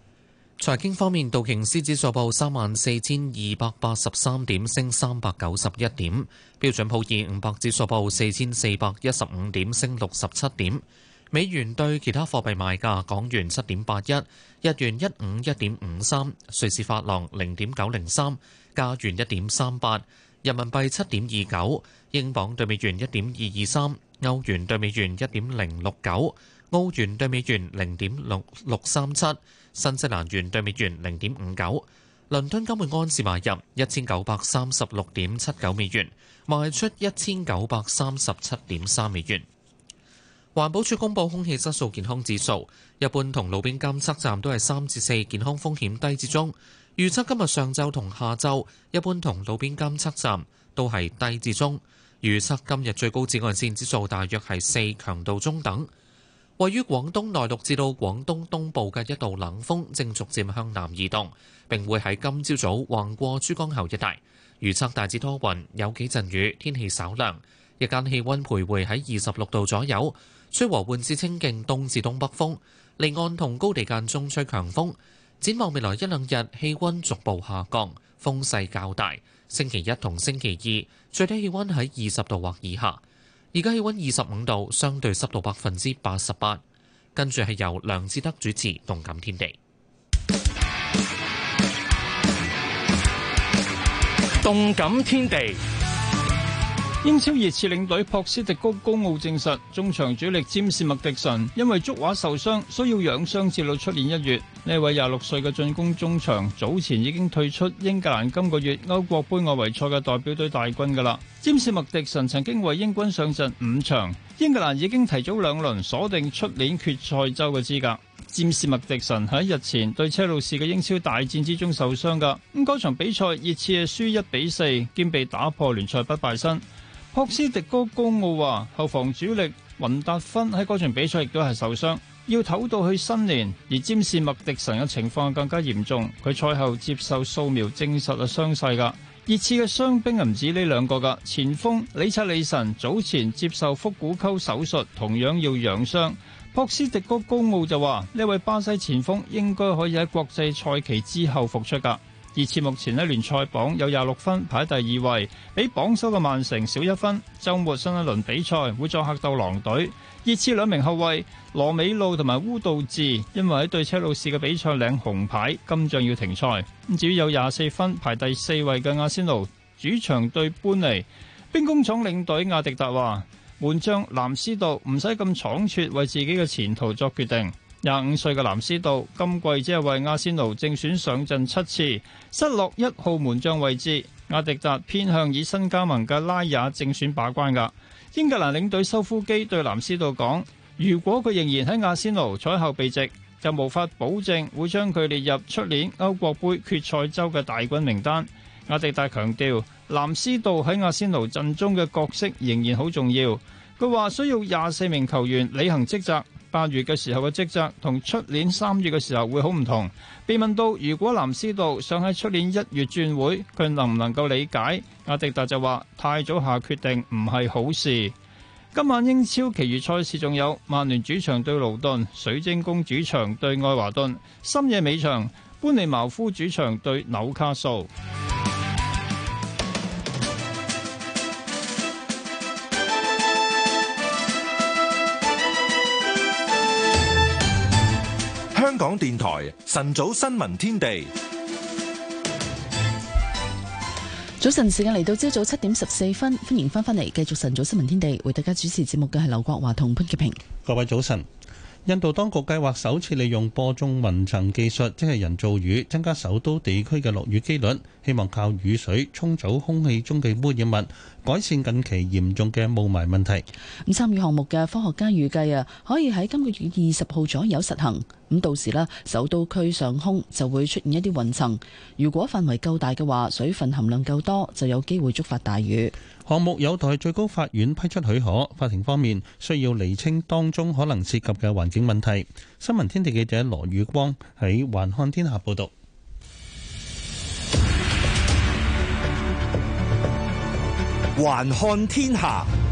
財經方面，道瓊斯指數報三萬四千二百八十三點，升三百九十一點；標準普爾五百指數報四千四百一十五點，升六十七點。美元對其他貨幣賣價：港元七點八一，日元一五一點五三，瑞士法郎零點九零三，加元一點三八，人民幣七點二九，英鎊兌美元一點二二三，歐元兌美元一點零六九。歐元兌美元零點六六三七，新西蘭元兌美元零點五九。倫敦金每安士買入一千九百三十六點七九美元，賣出一千九百三十七點三美元。環保署公布空氣質素健康指數，一般同路邊監測站都係三至四，健康風險低至中。預測今日上晝同下晝，一般同路邊監測站都係低至中。預測今日最高紫外線指數大約係四，強度中等。位於廣東內陸至到廣東東部嘅一道冷鋒正逐漸向南移動，並會喺今朝早橫過珠江口一帶。預測大致多雲，有幾陣雨，天氣稍涼。日間氣温徘徊喺二十六度左右，吹和緩至清勁東至東北風。離岸同高地間中吹強風。展望未來一兩日，氣温逐步下降，風勢較大。星期一同星期二最低氣温喺二十度或以下。而家氣溫二十五度，相對濕度百分之八十八。跟住係由梁志德主持《動感天地》。《動感天地》。英超熱刺領隊博斯迪高高傲證實，中場主力詹士麥迪臣因為足踝受傷，需要養傷至到出年一月。呢位廿六歲嘅進攻中場早前已經退出英格蘭今個月歐國杯外圍賽嘅代表隊大軍噶啦。詹士麥迪臣曾經為英軍上陣五場，英格蘭已經提早兩輪鎖定出年決賽周嘅資格。詹士麥迪臣喺日前對車路士嘅英超大戰之中受傷噶，咁嗰場比賽熱刺係輸一比四，兼被打破聯賽不敗身。博斯迪哥高奧話：後防主力雲達芬喺嗰場比賽亦都係受傷，要唞到去新年。而占士麥迪神嘅情況更加嚴重，佢賽後接受掃描證實咗傷勢噶。熱刺嘅傷兵唔止呢兩個噶，前鋒李察李神早前接受腹股溝手術，同樣要養傷。博斯迪哥高奧就話：呢位巴西前鋒應該可以喺國際賽期之後復出噶。熱刺目前喺聯賽榜有廿六分排第二位，比榜首嘅曼城少一分。周末新一輪比賽會作客鬥狼隊。熱刺兩名後衛羅美路同埋烏道治，因為喺對車路士嘅比賽領紅牌，今仗要停賽。至於有廿四分排第四位嘅阿仙奴，主場對般尼兵工廠領隊阿迪達話：門將藍斯道唔使咁倉促為自己嘅前途作決定。廿五歲嘅藍斯道今季只係為阿仙奴正選上陣七次，失落一號門將位置。阿迪達偏向以新加盟嘅拉亞正選把關。噶英格蘭領隊修夫基對藍斯道講，如果佢仍然喺阿仙奴賽後備席，就無法保證會將佢列入出年歐國杯決賽周嘅大軍名單。阿迪達強調，藍斯道喺阿仙奴陣中嘅角色仍然好重要。佢話需要廿四名球員履行職責。八月嘅時候嘅職責同出年三月嘅時候會好唔同。被問到如果藍思道想喺出年一月轉會，佢能唔能夠理解？阿迪達就話太早下決定唔係好事。今晚英超其餘賽事仲有曼聯主場對盧頓、水晶宮主場對愛華頓、深夜尾場、班尼茅夫主場對紐卡素。港電台晨早新聞天地，早晨時間嚟到，朝早七點十四分，歡迎翻返嚟，繼續晨早新聞天地，為大家主持節目嘅係劉國華同潘潔平，各位早晨。印度當局計劃首次利用播種雲層技術，即係人造雨，增加首都地區嘅落雨機率，希望靠雨水沖走空氣中嘅污染物，改善近期嚴重嘅霧霾問題。咁參與項目嘅科學家預計啊，可以喺今個月二十號左右實行。咁到時咧，首都區上空就會出現一啲雲層。如果範圍夠大嘅話，水分含量夠多，就有機會觸發大雨。項目有待最高法院批出許可，法庭方面需要釐清當中可能涉及嘅環境問題。新聞天地記者羅宇光喺環看天下報導。環看天下。報導。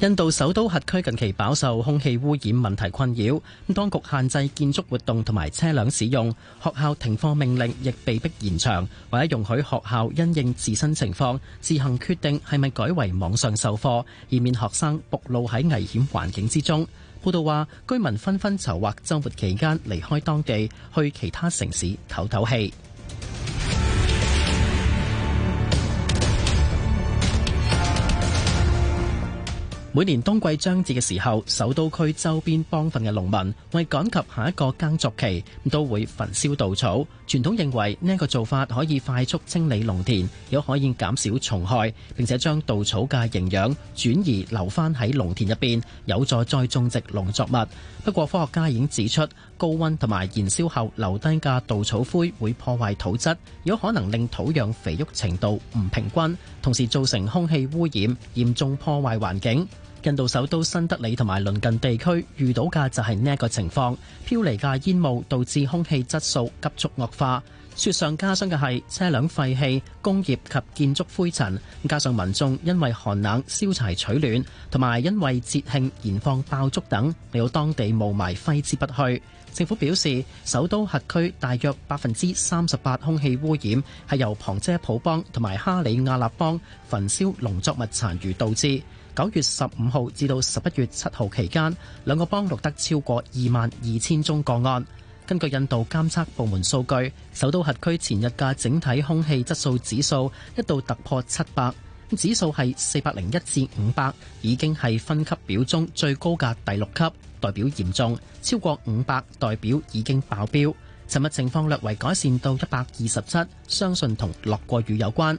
印度首都轄區近期飽受空氣污染問題困擾，咁當局限制建築活動同埋車輛使用，學校停課命令亦被迫延長，為咗容許學校因應自身情況自行決定係咪改為網上授課，以免學生暴露喺危險環境之中。報道話，居民紛紛籌劃周末期間離開當地去其他城市透透氣。每年冬季將至嘅時候，首都區周邊幫份嘅農民為趕及下一個耕作期，都會焚燒稻草。傳統認為呢個做法可以快速清理農田，又可以減少蟲害，並且將稻草嘅營養轉移留翻喺農田入邊，有助再種植農作物。不過科學家已經指出，高溫同埋燃燒後留低嘅稻草灰會破壞土質有可，可能令土壤肥沃程度唔平均，同時造成空氣污染，嚴重破壞環境。印度首都新德里同埋鄰近地區遇到嘅就係呢一個情況，飄嚟嘅煙霧導致空氣質素急速惡化。雪上加霜嘅係車輛廢氣、工業及建築灰塵，加上民眾因為寒冷燒柴取暖，同埋因為節慶燃放爆竹等，令到當地霧霾揮之不去。政府表示，首都轄區大約百分之三十八空氣污染係由旁遮普邦同埋哈里亞納邦焚燒農作物殘餘導致。九月十五號至到十一月七號期間，兩個邦錄得超過二萬二千宗個案。根據印度監測部門數據，首都轄區前日嘅整體空氣質素指數一度突破七百，指數係四百零一至五百，已經係分級表中最高嘅第六級，代表嚴重。超過五百代表已經爆標。尋日情況略為改善到一百二十七，相信同落過雨有關。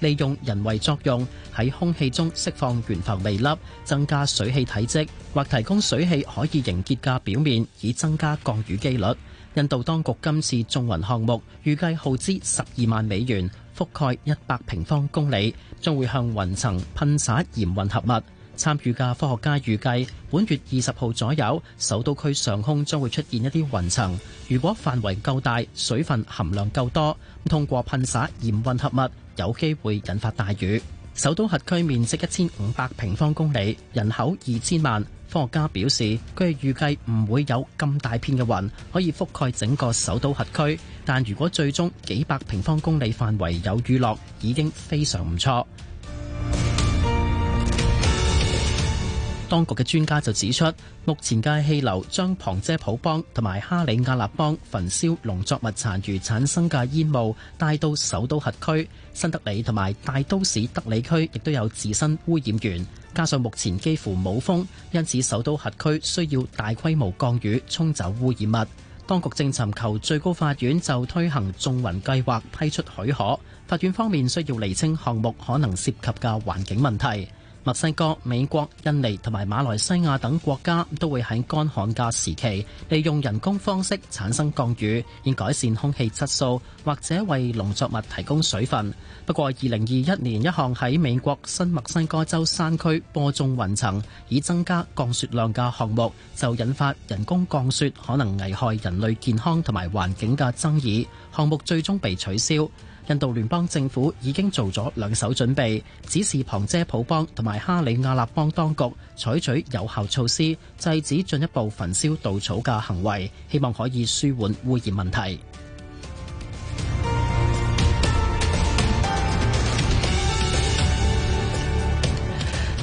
利用人為作用喺空氣中釋放懸浮微粒，增加水汽體積，或提供水汽可以凝結嘅表面，以增加降雨機率。印度當局今次種雲項目預計耗資十二萬美元，覆蓋一百平方公里，將會向雲層噴灑鹽混合物。參與嘅科學家預計本月二十號左右，首都區上空將會出現一啲雲層。如果範圍夠大，水分含量夠多，通過噴灑鹽混合物，有機會引發大雨。首都核區面積一千五百平方公里，人口二千萬。科學家表示，佢哋預計唔會有咁大片嘅雲可以覆蓋整個首都核區。但如果最終幾百平方公里範圍有雨落，已經非常唔錯。 當局嘅專家就指出，目前嘅氣流將旁遮普邦同埋哈里亞納邦焚燒農作物殘餘產生嘅煙霧帶到首都核區。新德里同埋大都市德里區亦都有自身污染源，加上目前幾乎冇風，因此首都轄區需要大規模降雨沖走污染物。當局正尋求最高法院就推行種雲計劃批出許可，法院方面需要厘清項目可能涉及嘅環境問題。墨西哥、美國、印尼同埋馬來西亞等國家都會喺乾旱嘅時期，利用人工方式產生降雨，以改善空氣質素或者為農作物提供水分。不過二零二一年一項喺美國新墨西哥州山區播種雲層，以增加降雪量嘅項目，就引發人工降雪可能危害人類健康同埋環境嘅爭議，項目最終被取消。印度聯邦政府已經做咗兩手準備，指示旁遮普邦同埋哈里亞納邦當局採取有效措施，制止進一步焚燒稻草嘅行為，希望可以舒緩污染問題。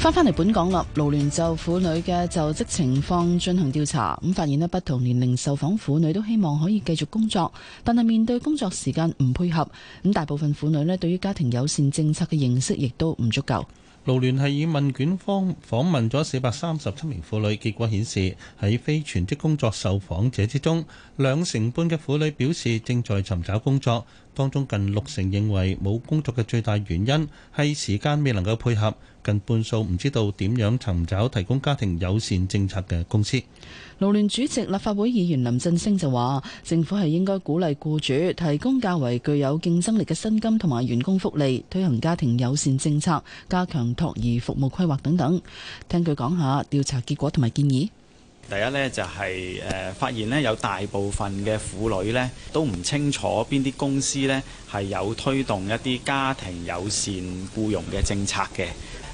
翻翻嚟本港啦，勞聯就婦女嘅就職情況進行調查，咁發現呢，不同年齡受訪婦女都希望可以繼續工作，但係面對工作時間唔配合，咁大部分婦女呢，對於家庭友善政策嘅認識亦都唔足夠。勞聯係以問卷方訪問咗四百三十七名婦女，結果顯示喺非全職工作受訪者之中，兩成半嘅婦女表示正在尋找工作，當中近六成認為冇工作嘅最大原因係時間未能夠配合，近半數唔知道點樣尋找提供家庭友善政策嘅公司。勞聯主席、立法會議員林振昇就話：政府係應該鼓勵僱主提供較為具有競爭力嘅薪金同埋員工福利，推行家庭友善政策，加強托兒服務規劃等等。聽佢講下調查結果同埋建議。第一呢，就係誒，發現呢有大部分嘅婦女呢都唔清楚邊啲公司呢係有推動一啲家庭友善僱傭嘅政策嘅。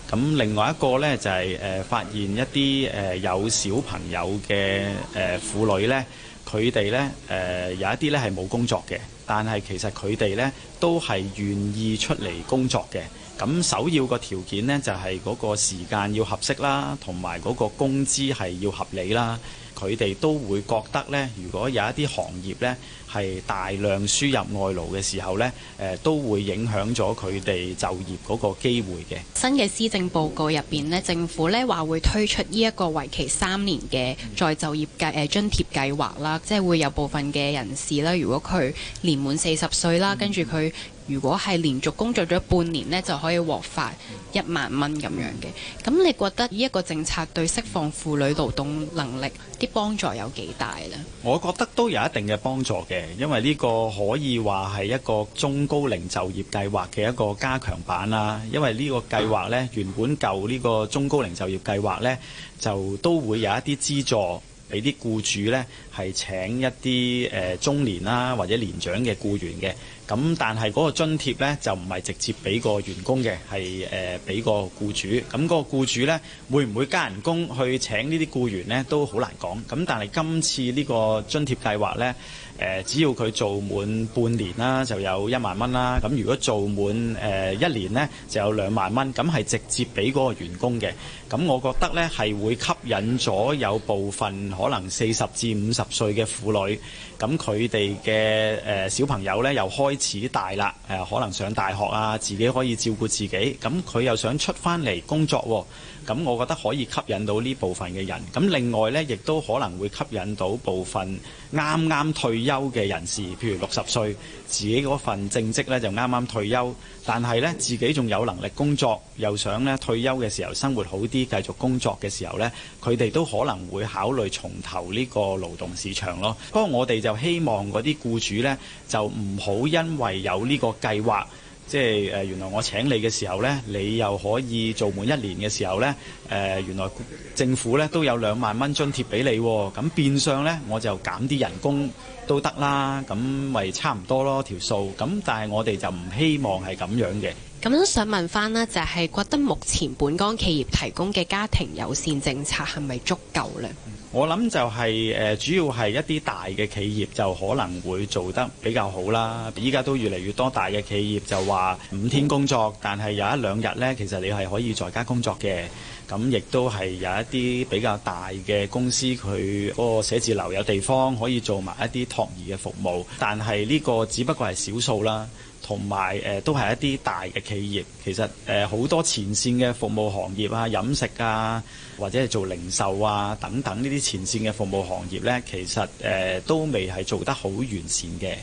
咁另外一個呢，就係、是、誒、呃、發現一啲誒、呃、有小朋友嘅誒婦女呢，佢哋呢誒有一啲呢係冇工作嘅，但係其實佢哋呢都係願意出嚟工作嘅。咁首要個條件呢，就係、是、嗰個時間要合適啦，同埋嗰個工資係要合理啦。佢哋都會覺得呢，如果有一啲行業呢係大量輸入外勞嘅時候呢，誒、呃、都會影響咗佢哋就業嗰個機會嘅。新嘅施政報告入邊呢，政府呢話會推出呢一個為期三年嘅再就業計、啊、津貼計劃啦，即係會有部分嘅人士啦，如果佢年滿四十歲啦，嗯、跟住佢。如果係連續工作咗半年呢，就可以獲發一萬蚊咁樣嘅。咁你覺得呢一個政策對釋放婦女勞動能力啲幫助有幾大呢？我覺得都有一定嘅幫助嘅，因為呢個可以話係一個中高齡就業計劃嘅一個加強版啦。因為呢個計劃呢，原本舊呢個中高齡就業計劃呢，就都會有一啲資助俾啲僱主呢，係請一啲誒中年啦、啊、或者年長嘅僱員嘅。咁但係嗰個津貼呢，就唔係直接俾個員工嘅，係誒俾個僱主。咁嗰個僱主呢，會唔會加人工去請呢啲僱員呢？都好難講。咁但係今次呢個津貼計劃呢。誒，只要佢做滿半年啦，就有一萬蚊啦。咁如果做滿誒一年呢，就有兩萬蚊。咁係直接俾嗰個員工嘅。咁我覺得呢，係會吸引咗有部分可能四十至五十歲嘅婦女。咁佢哋嘅誒小朋友呢，又開始大啦，誒可能上大學啊，自己可以照顧自己。咁佢又想出翻嚟工作喎。咁我覺得可以吸引到呢部分嘅人，咁另外呢，亦都可能會吸引到部分啱啱退休嘅人士，譬如六十歲自己嗰份正職呢，就啱啱退休，但係呢，自己仲有能力工作，又想呢退休嘅時候生活好啲，繼續工作嘅時候呢，佢哋都可能會考慮重投呢個勞動市場咯。不過我哋就希望嗰啲僱主呢，就唔好因為有呢個計劃。即係誒、呃，原來我請你嘅時候呢，你又可以做滿一年嘅時候呢。誒、呃、原來政府呢都有兩萬蚊津貼俾你喎、哦。咁、嗯、變相呢，我就減啲人工都得啦，咁、嗯、咪差唔多咯條數。咁但係我哋就唔希望係咁樣嘅。咁、嗯、想問翻呢、就係，就係覺得目前本港企業提供嘅家庭友善政策係咪足夠呢？我諗就係誒，主要係一啲大嘅企業就可能會做得比較好啦。依家都越嚟越多大嘅企業就話五天工作，但係有一兩日呢，其實你係可以在家工作嘅。咁亦都係有一啲比較大嘅公司，佢嗰個寫字樓有地方可以做埋一啲托兒嘅服務，但係呢個只不過係少數啦。同埋誒都係一啲大嘅企業，其實誒好多前線嘅服務行業啊、飲食啊，或者係做零售啊等等呢啲前線嘅服務行業呢，其實誒都未係做得好完善嘅。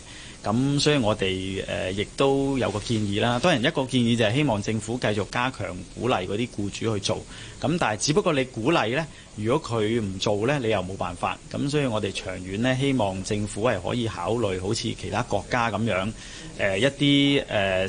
咁，所以我哋誒亦都有個建議啦。當然一個建議就係希望政府繼續加強鼓勵嗰啲僱主去做。咁但係只不過你鼓勵咧，如果佢唔做咧，你又冇辦法。咁，所以我哋長遠咧，希望政府係可以考慮好似其他國家咁樣誒、呃、一啲誒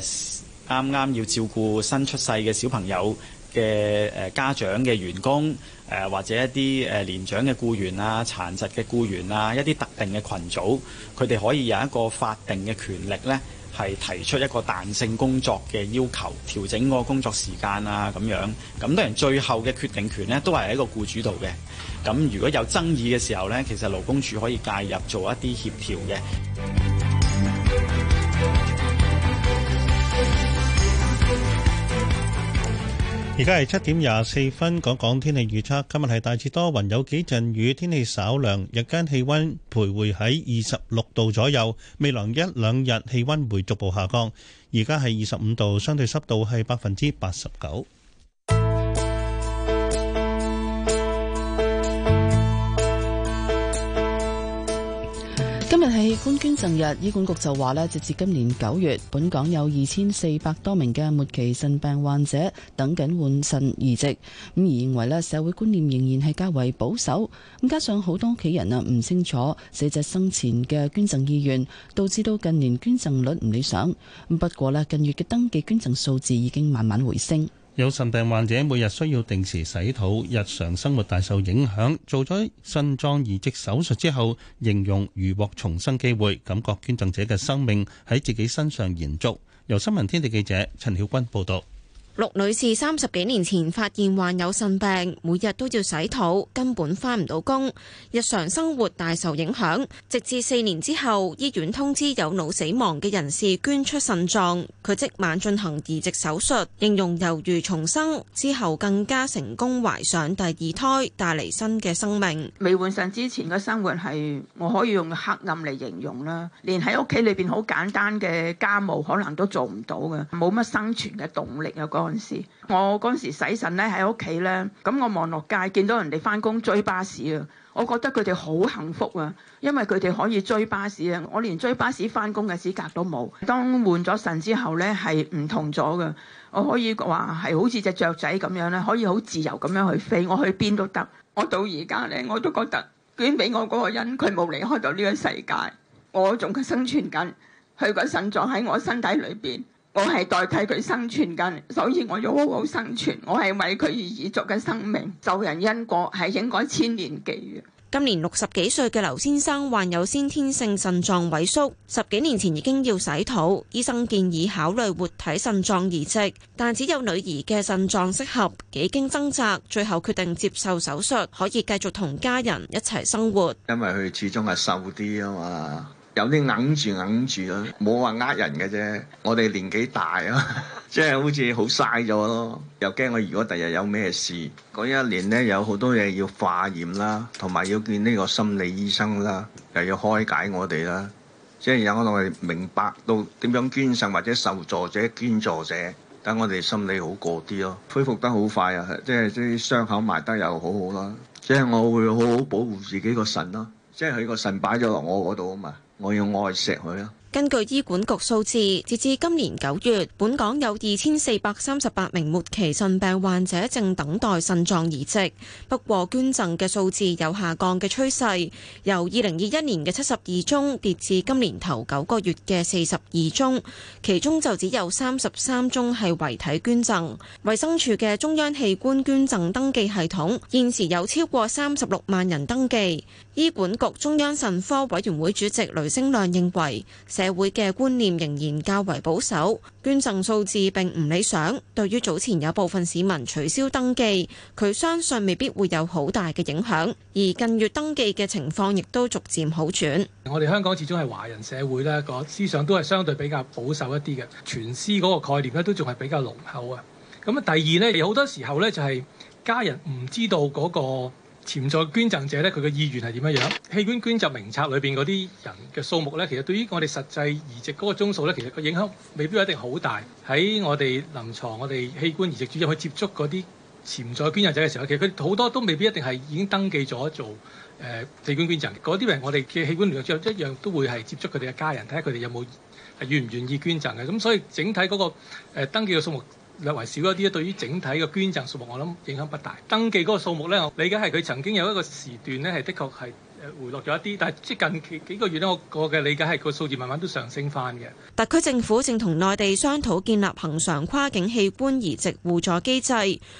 啱啱要照顧新出世嘅小朋友嘅誒、呃、家長嘅、呃、員工。誒、呃、或者一啲誒年長嘅僱員啊、殘疾嘅僱員啊、一啲特定嘅群組，佢哋可以有一個法定嘅權力呢，係提出一個彈性工作嘅要求，調整個工作時間啊咁樣。咁當然最後嘅決定權呢都係喺個僱主度嘅。咁如果有爭議嘅時候呢，其實勞工處可以介入做一啲協調嘅。 而家係七點廿四分，講講天氣預測。今日係大致多雲，有幾陣雨，天氣稍涼，日間氣溫徘徊喺二十六度左右。未來一兩日氣溫會逐步下降。而家係二十五度，相對濕度係百分之八十九。今日係器官捐贈日，醫管局就話呢，直至今年九月，本港有二千四百多名嘅末期腎病患者等緊換腎移植。咁而認為呢，社會觀念仍然係較為保守，咁加上好多屋企人啊唔清楚死者生前嘅捐贈意願，導致到近年捐贈率唔理想。不過呢近月嘅登記捐贈數字已經慢慢回升。有腎病患者每日需要定時洗肚，日常生活大受影響。做咗腎臟移植手術之後，形容如獲重生機會，感覺捐贈者嘅生命喺自己身上延續。由新聞天地記者陳曉君報道。陸女士三十幾年前發現患有腎病，每日都要洗肚，根本返唔到工，日常生活大受影響。直至四年之後，醫院通知有腦死亡嘅人士捐出腎臟，佢即晚進行移植手術，形容猶如重生。之後更加成功懷上第二胎，帶嚟新嘅生命。未換腎之前嘅生活係，我可以用黑暗嚟形容啦，連喺屋企裏邊好簡單嘅家務可能都做唔到嘅，冇乜生存嘅動力啊！嗰時，我嗰時洗腎咧喺屋企咧，咁我望落街，見到人哋翻工，追巴士啊！我覺得佢哋好幸福啊，因為佢哋可以追巴士啊！我連追巴士翻工嘅資格都冇。當換咗腎之後咧，係唔同咗㗎。我可以話係好似隻雀仔咁樣咧，可以好自由咁樣去飛。我去邊都得。我到而家咧，我都覺得捐俾我嗰個人，佢冇離開到呢個世界，我仲係生存緊，佢個腎臟仲喺我身體裏邊。我係代替佢生存緊，所以我要好好生存。我係為佢而而作嘅生命，救人因果係應該千年計。今年六十幾歲嘅劉先生患有先天性腎臟萎縮，十幾年前已經要洗肚，醫生建議考慮活體腎臟移植，但只有女兒嘅腎臟適合。幾經掙扎，最後決定接受手術，可以繼續同家人一齊生活。因為佢始終係瘦啲啊嘛。有啲揞住揞住咯，冇話呃人嘅啫。我哋年紀大咯，即 係好似好嘥咗咯。又驚我如果第日有咩事嗰一年咧，有好多嘢要化驗啦，同埋要見呢個心理醫生啦，又要開解我哋啦，即係有可能我哋明白到點樣捐腎或者受助者捐助者，等我哋心理好過啲咯，恢復得好快啊！即係啲傷口埋得又好好啦。即係我會好好保護自己個腎咯，即係佢個腎擺咗落我嗰度啊嘛。我要愛錫佢啊。根據醫管局數字，截至今年九月，本港有二千四百三十八名末期腎病患者正等待腎臟移植。不過，捐贈嘅數字有下降嘅趨勢，由二零二一年嘅七十二宗跌至今年頭九個月嘅四十二宗，其中就只有三十三宗係遺體捐贈。衛生署嘅中央器官捐贈登記系統現時有超過三十六萬人登記。醫管局中央腎科委員會主席雷聲亮認為，社會嘅觀念仍然較為保守，捐贈數字並唔理想。對於早前有部分市民取消登記，佢相信未必會有好大嘅影響。而近月登記嘅情況亦都逐漸好轉。我哋香港始終係華人社會，呢個思想都係相對比較保守一啲嘅，全屍嗰個概念咧都仲係比較濃厚啊。咁啊，第二呢，好多時候呢，就係家人唔知道嗰、嗰個。潛在捐贈者咧，佢嘅意願係點樣？器官捐贈名冊裏邊嗰啲人嘅數目咧，其實對於我哋實際移植嗰個宗數咧，其實個影響未必一定好大。喺我哋臨床、我哋器官移植主任去接觸嗰啲潛在捐贈者嘅時候，其實佢好多都未必一定係已經登記咗做誒、呃、器官捐贈。嗰啲人我哋嘅器官聯絡一樣都會係接觸佢哋嘅家人，睇下佢哋有冇係願唔願意捐贈嘅。咁所以整體嗰、嗰個、呃、登記嘅數目。略為少一啲，對於整體嘅捐贈數目，我諗影響不大。登記嗰個數目咧，我理解係佢曾經有一個時段咧，係的確係。回落咗一啲，但係即近期幾個月咧，我我嘅理解係個數字慢慢都上升翻嘅。特區政府正同內地商討建立恆常跨境器官移植互助機制。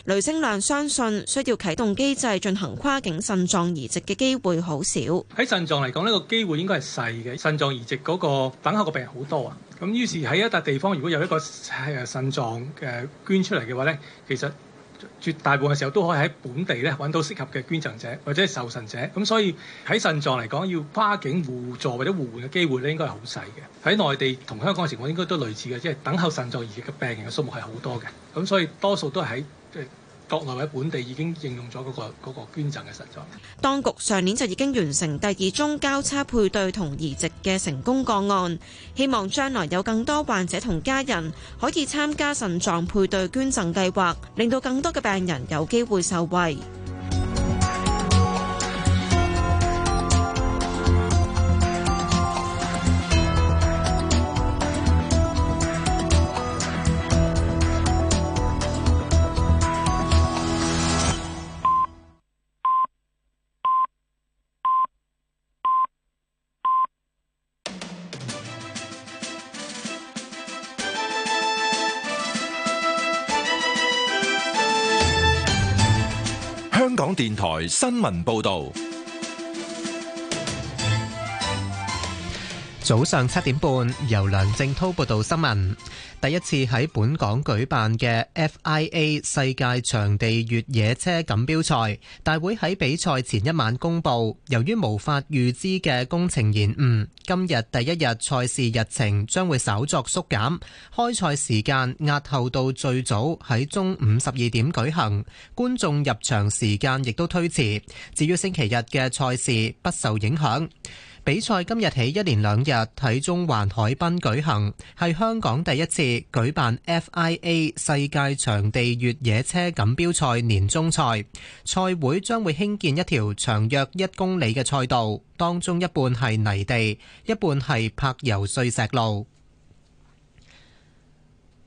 雷星亮相信需要啟動機制進行跨境腎臟移植嘅機會好少。喺腎臟嚟講，呢個機會應該係細嘅。腎臟移植嗰個等候嘅病人好多啊，咁於是喺一笪地方如果有一個誒腎臟嘅捐出嚟嘅話咧，其實，絕大部分嘅時候都可以喺本地咧揾到適合嘅捐贈者或者受腎者，咁所以喺腎臟嚟講，要跨境互助或者互換嘅機會咧應該係好細嘅。喺內地同香港嘅情況應該都類似嘅，即係等候腎臟移植嘅病人嘅數目係好多嘅，咁所以多數都係喺，即係國內喺本地已經應用咗嗰個嗰個捐贈嘅腎臟。當局上年就已經完成第二宗交叉配對同移植嘅成功個案，希望將來有更多患者同家人可以參加腎臟配對捐贈計劃，令到更多嘅病人有機會受惠。電台新聞報道。早上七點半，由梁正韜報道新聞。第一次喺本港舉辦嘅 FIA 世界場地越野車錦標賽大會喺比賽前一晚公佈，由於無法預知嘅工程延誤，今日第一日賽事日程將會稍作縮減，開賽時間押後到最早喺中午十二點舉行，觀眾入場時間亦都推遲。至於星期日嘅賽事不受影響。比賽今日起一連兩日喺中環海濱舉行，係香港第一次舉辦 FIA 世界場地越野車錦標賽年終賽。賽會將會興建一條長約一公里嘅賽道，當中一半係泥地，一半係柏油碎石路。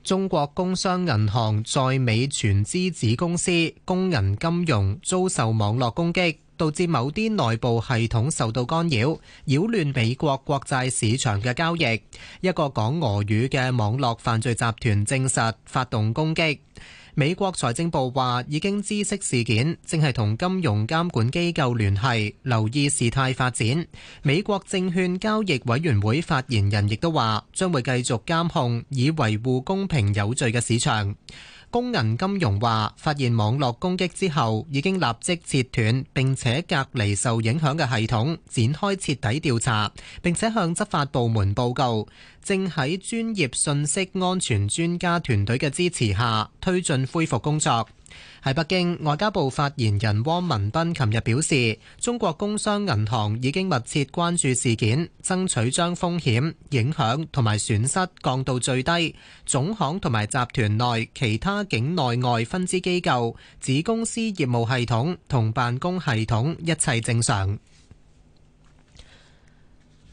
中國工商銀行在美全資子公司工銀金融遭受網絡攻擊。導致某啲內部系統受到干擾，擾亂美國國際市場嘅交易。一個講俄語嘅網絡犯罪集團證實發動攻擊。美國財政部話已經知悉事件，正係同金融監管機構聯繫，留意事態發展。美國證券交易委員會發言人亦都話將會繼續監控，以維護公平有序嘅市場。工銀金融話：發現網絡攻擊之後，已經立即切斷並且隔離受影響嘅系統，展開徹底調查，並且向執法部門報告。正喺專業信息安全專家團隊嘅支持下，推進恢復工作。喺北京，外交部發言人汪文斌琴日表示，中國工商銀行已經密切關注事件，爭取將風險影響同埋損失降到最低。總行同埋集團內其他境內外分支機構、子公司業務系統同辦公系統一切正常。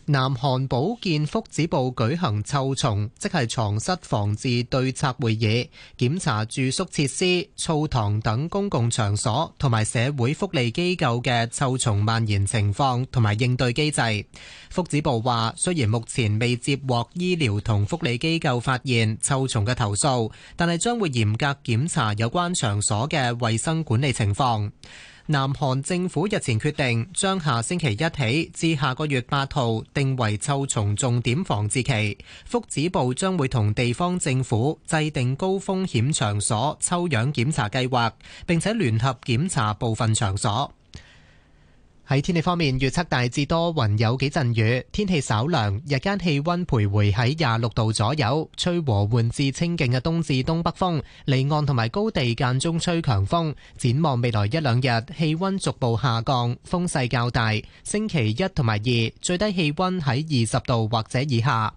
南韓保健福祉部舉行臭蟲，即係床蝨防治對策會議，檢查住宿設施、澡堂等公共場所同埋社會福利機構嘅臭蟲蔓延情況同埋應對機制。福祉部話，雖然目前未接獲醫療同福利機構發現臭蟲嘅投訴，但係將會嚴格檢查有關場所嘅衛生管理情況。南韓政府日前決定，將下星期一起至下個月八號定為臭蟲重點防治期。福祉部將會同地方政府制定高風險場所抽樣檢查計劃，並且聯合檢查部分場所。喺天氣方面，預測大致多雲有幾陣雨，天氣稍涼，日間氣溫徘徊喺廿六度左右，吹和緩至清勁嘅東至東北風，離岸同埋高地間中吹強風。展望未來一兩日，氣溫逐步下降，風勢較大。星期一同埋二，最低氣溫喺二十度或者以下。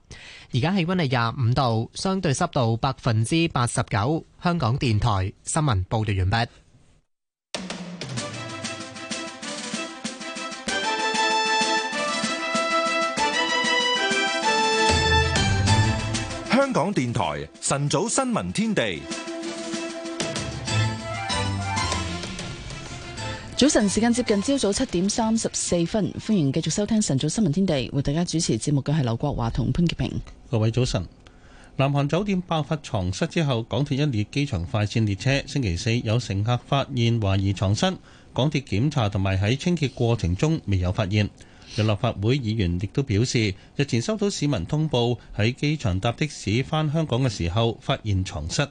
而家氣溫係廿五度，相對濕度百分之八十九。香港電台新聞報道完畢。香港電台晨早新聞天地，早晨時間接近朝早七點三十四分，歡迎繼續收聽晨早新聞天地，為大家主持節目嘅係劉國華同潘潔平。各位早晨。南韓酒店爆發藏屍之後，港鐵一列機場快線列車，星期四有乘客發現懷疑藏屍。港鐵檢查同埋喺清潔過程中未有發現。有立法會議員亦都表示，日前收到市民通報，喺機場搭的士返香港嘅時候發現床蝨。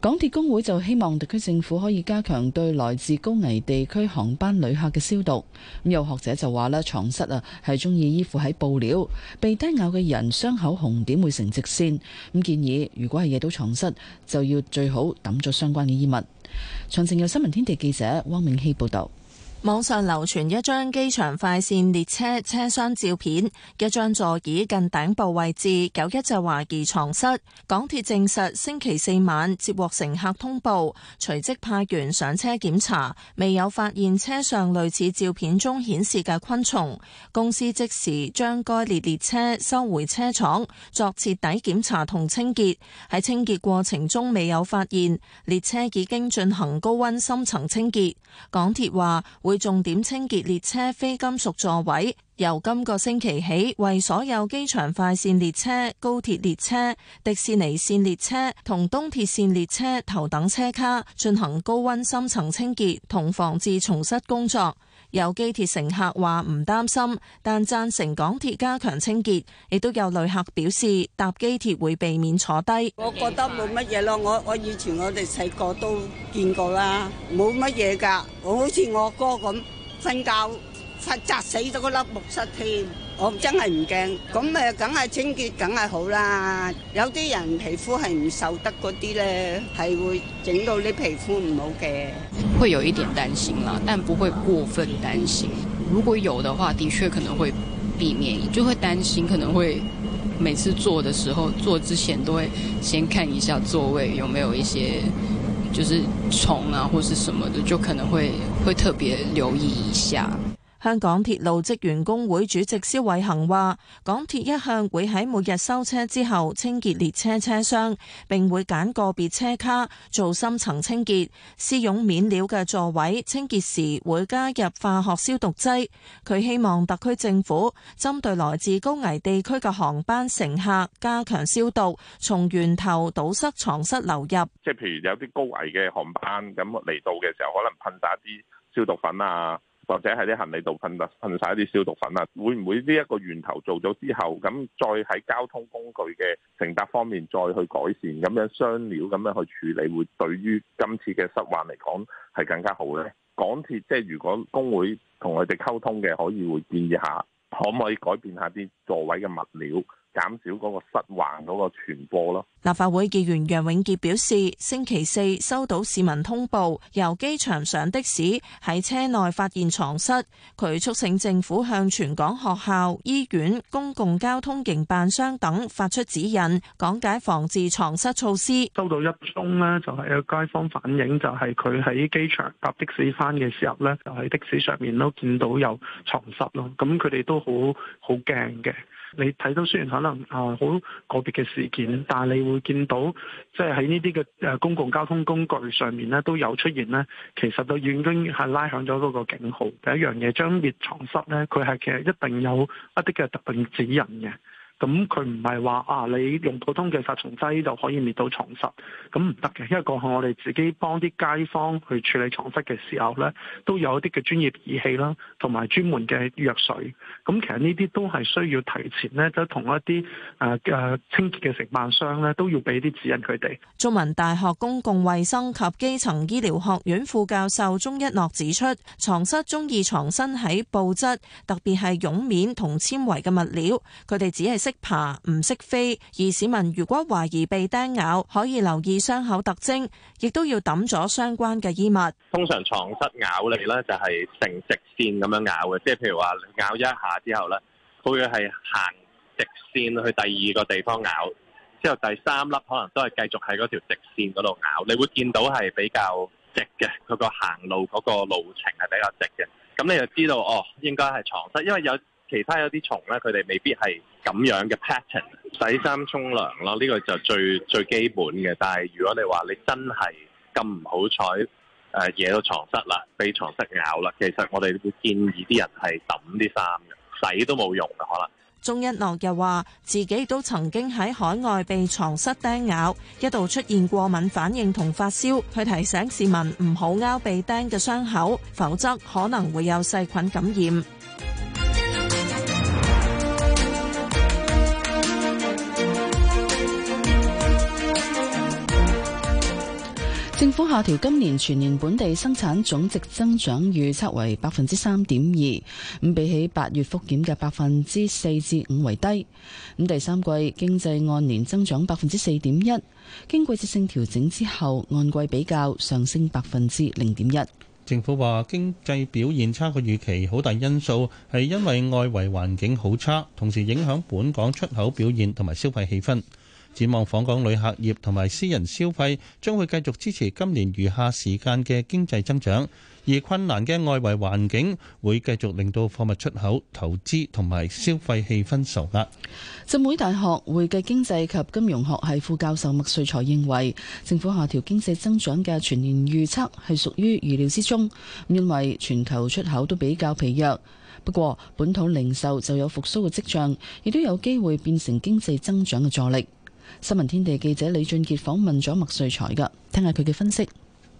港鐵工會就希望特區政府可以加強對來自高危地區航班旅客嘅消毒。咁有學者就話啦，床蝨啊係中意依附喺布料，被叮咬嘅人傷口紅點會成直線。咁建議，如果係惹到床蝨，就要最好揼咗相關嘅衣物。詳情有新聞天地記者汪永熙報導。網上流傳一張機場快綫列車車廂照片，一張座椅近頂部位置，有一隻懷疑床蝨。港鐵證實，星期四晚接獲乘客通報，隨即派員上車檢查，未有發現車上類似照片中顯示嘅昆蟲。公司即時將該列列車收回車廠作徹底檢查同清潔，喺清潔過程中未有發現。列車已經進行高溫深層清潔。港鐵話會。會重點清潔列車非金屬座位，由今個星期起為所有機場快線列車、高鐵列車、迪士尼線列車同東鐵線列車頭等車卡進行高温深層清潔同防治蟲虱工作。有機鐵乘客話唔擔心，但贊成港鐵加強清潔。亦都有旅客表示搭機鐵會避免坐低。我覺得冇乜嘢咯。我我以前我哋細個都見過啦，冇乜嘢㗎。我好似我哥咁瞓覺。佢砸死咗嗰粒木虱添，我真係唔驚。咁誒，梗係清潔梗係好啦。有啲人皮膚係唔受得嗰啲咧，係會整到啲皮膚唔好嘅。會有一點擔心啦，但不會過分擔心。如果有的話，的確可能會避免，就會擔心可能會每次坐的時候，坐之前都會先看一下座位有沒有一些，就是蟲啊或是什麼的，就可能會會特別留意一下。香港鐵路職員工會主席蕭偉恆話，港鐵一向會喺每日收車之後清潔列車車廂，並會揀個別車卡做深層清潔。絲絨面料嘅座位清潔時會加入化學消毒劑。佢希望特區政府針對來自高危地區嘅航班乘客加強消毒，從源頭堵塞藏室流入。即係譬如有啲高危嘅航班咁嚟到嘅時候，可能噴灑啲消毒粉啊。或者喺啲行李度噴啦，噴晒啲消毒粉啦，會唔會呢一個源頭做咗之後，咁再喺交通工具嘅乘搭方面再去改善，咁樣雙料咁樣去處理，會對於今次嘅失患嚟講係更加好咧？港鐵即係如果工會同佢哋溝通嘅，可以會建議下，可唔可以改變下啲座位嘅物料？減少嗰個蝨患嗰個傳播咯。立法會議員楊永杰表示，星期四收到市民通報，由機場上的士喺車內發現床蝨，佢促請政府向全港學校、醫院、公共交通營辦商等發出指引，講解防治床蝨措施。收到一宗咧，就係有街坊反映，就係佢喺機場搭的士翻嘅時候咧，就喺、是、的士上面都見到有床蝨咯。咁佢哋都好好驚嘅。你睇到雖然可能啊好個別嘅事件，但係你會見到即係喺呢啲嘅，誒公共交通工具上面咧都有出現咧，其實都已經係拉響咗嗰個警號。第一樣嘢，將滅床室咧，佢係其實一定有一啲嘅特定指引嘅。咁佢唔係話啊，你用普通嘅殺蟲劑就可以滅到床蝨，咁唔得嘅。因為過去我哋自己幫啲街坊去處理床蝨嘅時候咧，都有一啲嘅專業儀器啦，同埋專門嘅藥水。咁其實呢啲都係需要提前咧，都同一啲誒誒清潔嘅承辦商咧，都要俾啲指引佢哋。中文大學公共衛生及基層醫療學院副教授鍾一諾指出，床蝨中意藏身喺布質，特別係絨面同纖維嘅物料，佢哋只係識。爬唔識飛，而市民如果懷疑被叮咬，可以留意傷口特徵，亦都要抌咗相關嘅衣物。通常床虱咬你咧就係成直綫咁樣咬嘅，即係譬如話咬一下之後咧，佢係行直綫去第二個地方咬，之後第三粒可能都係繼續喺嗰條直綫嗰度咬，你會見到係比較直嘅，佢個行路嗰個路程係比較直嘅，咁你就知道哦，應該係床虱，因為有。其他有啲蟲咧，佢哋未必係咁樣嘅 pattern 洗衫沖涼咯。呢、這個就最最基本嘅。但係如果你話你真係咁唔好彩，誒惹到床蝨啦，被床蝨咬啦，其實我哋會建議啲人係揼啲衫，洗都冇用嘅可能。鍾一諾又話：自己都曾經喺海外被床蝨釘咬，一度出現過敏反應同發燒。佢提醒市民唔好撓被釘嘅傷口，否則可能會有細菌感染。政府下調今年全年本地生產總值增長預測為百分之三點二，咁比起八月復檢嘅百分之四至五為低。咁第三季經濟按年增長百分之四點一，經季節性調整之後，按季比較上升百分之零點一。政府話經濟表現差過預期，好大因素係因為外圍環境好差，同時影響本港出口表現同埋消費氣氛。展望訪港旅客業同埋私人消費，將會繼續支持今年餘下時間嘅經濟增長。而困難嘅外圍環境會繼續令到貨物出口、投資同埋消費氣氛受壓。浸會大學會計經濟及金融學系副教授麥瑞才認為，政府下調經濟增長嘅全年預測係屬於預料之中，因為全球出口都比較疲弱，不過本土零售就有復甦嘅跡象，亦都有機會變成經濟增長嘅助力。新聞天地記者李俊杰訪問咗麥瑞才㗎，聽下佢嘅分析。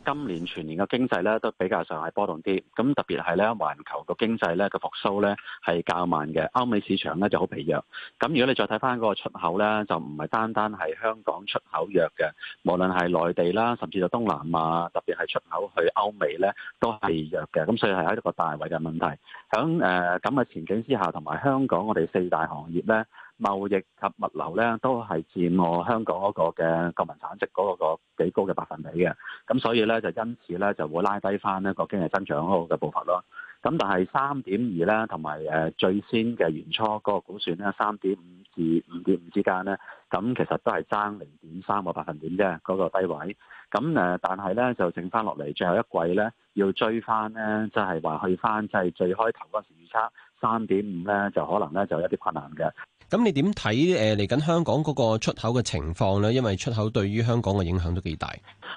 今年全年嘅經濟咧都比較上係波動啲，咁特別係咧環球個經濟咧嘅復甦咧係較慢嘅，歐美市場咧就好疲弱。咁如果你再睇翻嗰個出口咧，就唔係單單係香港出口弱嘅，無論係內地啦，甚至到東南亞，特別係出口去歐美咧都係弱嘅。咁所以係喺一個大圍嘅問題。響誒咁嘅前景之下，同埋香港我哋四大行業咧。貿易及物流咧，都係佔我香港嗰個嘅國民產值嗰個個幾高嘅百分比嘅。咁所以咧，就因此咧，就會拉低翻咧個經濟增長嗰個嘅步伐咯。咁但係三點二咧，同埋誒最先嘅年初嗰個估算咧，三點五至五點五之間咧，咁其實都係爭零點三個百分點啫，嗰個低位。咁誒，但係咧就剩翻落嚟最後一季咧，要追翻咧，即係話去翻即係最開頭嗰時預測三點五咧，就可能咧就有啲困難嘅。咁你點睇誒嚟緊香港嗰個出口嘅情況咧？因為出口對於香港嘅影響都幾大。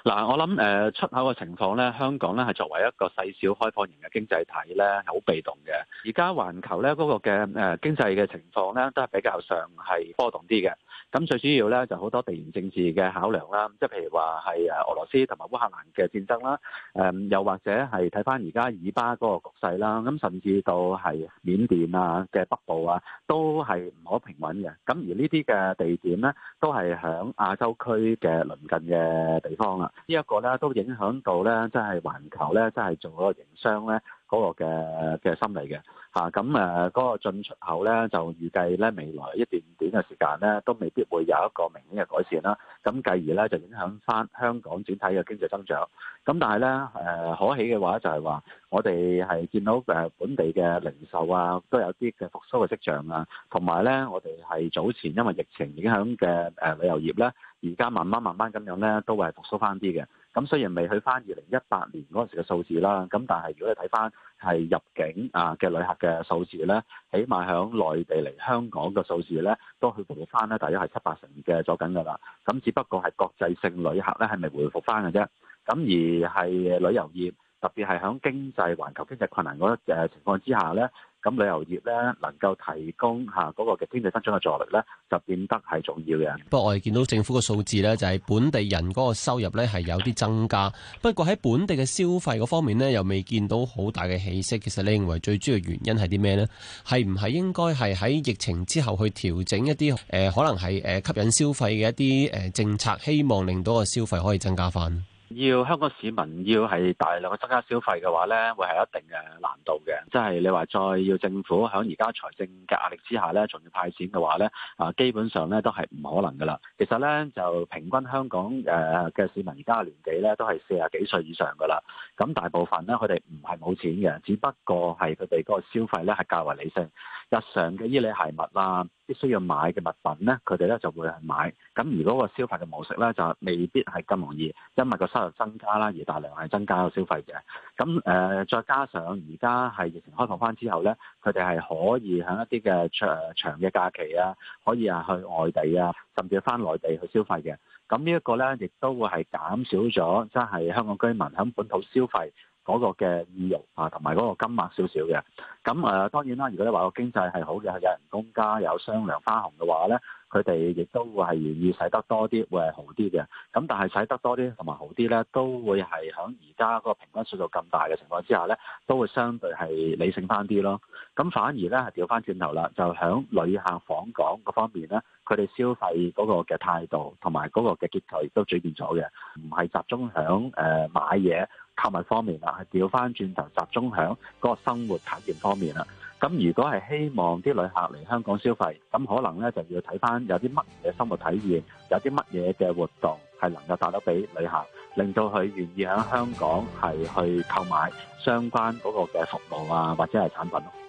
嗱，我諗誒出口嘅情況咧，香港咧係作為一個細小開放型嘅經濟體咧，係好被動嘅。而家環球咧嗰個嘅誒經濟嘅情況咧，都係比較上係波動啲嘅。咁最主要咧就好多地緣政治嘅考量啦，即係譬如話係誒俄羅斯同埋烏克蘭嘅戰爭啦，誒又或者係睇翻而家以巴嗰個局勢啦，咁甚至到係緬甸啊嘅北部啊，都係唔可平穩嘅。咁而呢啲嘅地點咧，都係喺亞洲區嘅鄰近嘅地方啦。呢、這、一個咧都影響到咧，即係環球咧，即係做個營商咧。嗰個嘅嘅心理嘅嚇，咁誒，嗰個進出口咧，就預計咧，未來一段短嘅時間咧都未必會有一個明顯嘅改善啦，咁繼而咧就影響翻香港整體嘅經濟增長。咁但係咧，誒可喜嘅話就係話我哋係見到誒本地嘅零售啊都有啲嘅復甦嘅跡象啊，同埋咧我哋係早前因為疫情影響嘅誒旅遊業咧，而家慢慢慢慢咁樣咧都會係復甦翻啲嘅。咁雖然未去翻二零一八年嗰陣時嘅數字啦，咁但係如果你睇翻係入境啊嘅旅客嘅數字咧，起碼響內地嚟香港嘅數字咧，都去回復翻啦，大約係七八成嘅咗緊噶啦。咁只不過係國際性旅客咧，係未回復翻嘅啫。咁而係旅遊業，特別係響經濟、環球經濟困難嗰嘅情況之下咧。咁旅遊業咧能夠提供吓嗰個嘅經濟增長嘅助力咧，就變得係重要嘅。不過我哋見到政府嘅數字咧，就係、是、本地人嗰個收入咧係有啲增加，不過喺本地嘅消費嗰方面咧又未見到好大嘅起色。其實你認為最主要原因係啲咩呢？係唔係應該係喺疫情之後去調整一啲誒、呃、可能係誒吸引消費嘅一啲誒政策，希望令到個消費可以增加返？要香港市民要係大量嘅增加消費嘅話咧，會係一定嘅難度嘅。即係你話再要政府響而家財政嘅壓力之下咧，仲要派錢嘅話咧，啊基本上咧都係唔可能噶啦。其實咧就平均香港誒嘅市民而家年紀咧都係四十幾歲以上噶啦。咁大部分咧佢哋唔係冇錢嘅，只不過係佢哋嗰個消費咧係較為理性。日常嘅衣履鞋襪啦、啊。必須要買嘅物品呢，佢哋呢就會係買。咁如果個消費嘅模式呢，就未必係咁容易，因為個收入增加啦而大量係增加個消費嘅。咁誒、呃，再加上而家係疫情開放翻之後呢，佢哋係可以喺一啲嘅長嘅假期啊，可以啊去外地啊，甚至係翻內地去消費嘅。咁呢一個呢，亦都會係減少咗，即係香港居民喺本土消費。嗰個嘅意欲啊，同埋嗰個金額少少嘅，咁誒、呃、當然啦，如果你話個經濟係好嘅，係有人工加，有雙糧花紅嘅話咧。佢哋亦都會係願意使得多啲，會係好啲嘅。咁但係使得多啲同埋好啲咧，都會係喺而家個平均數度咁大嘅情況之下咧，都會相對係理性翻啲咯。咁反而咧係調翻轉頭啦，就喺旅客訪港嗰方面咧，佢哋消費嗰個嘅態度同埋嗰個嘅結構亦都轉變咗嘅，唔係集中喺誒買嘢購物方面啦，係調翻轉頭集中喺嗰個生活產業方面啦。咁如果係希望啲旅客嚟香港消費，咁可能咧就要睇翻有啲乜嘢生活體驗，有啲乜嘢嘅活動係能夠帶到俾旅客，令到佢願意喺香港係去購買相關嗰個嘅服務啊，或者係產品咯。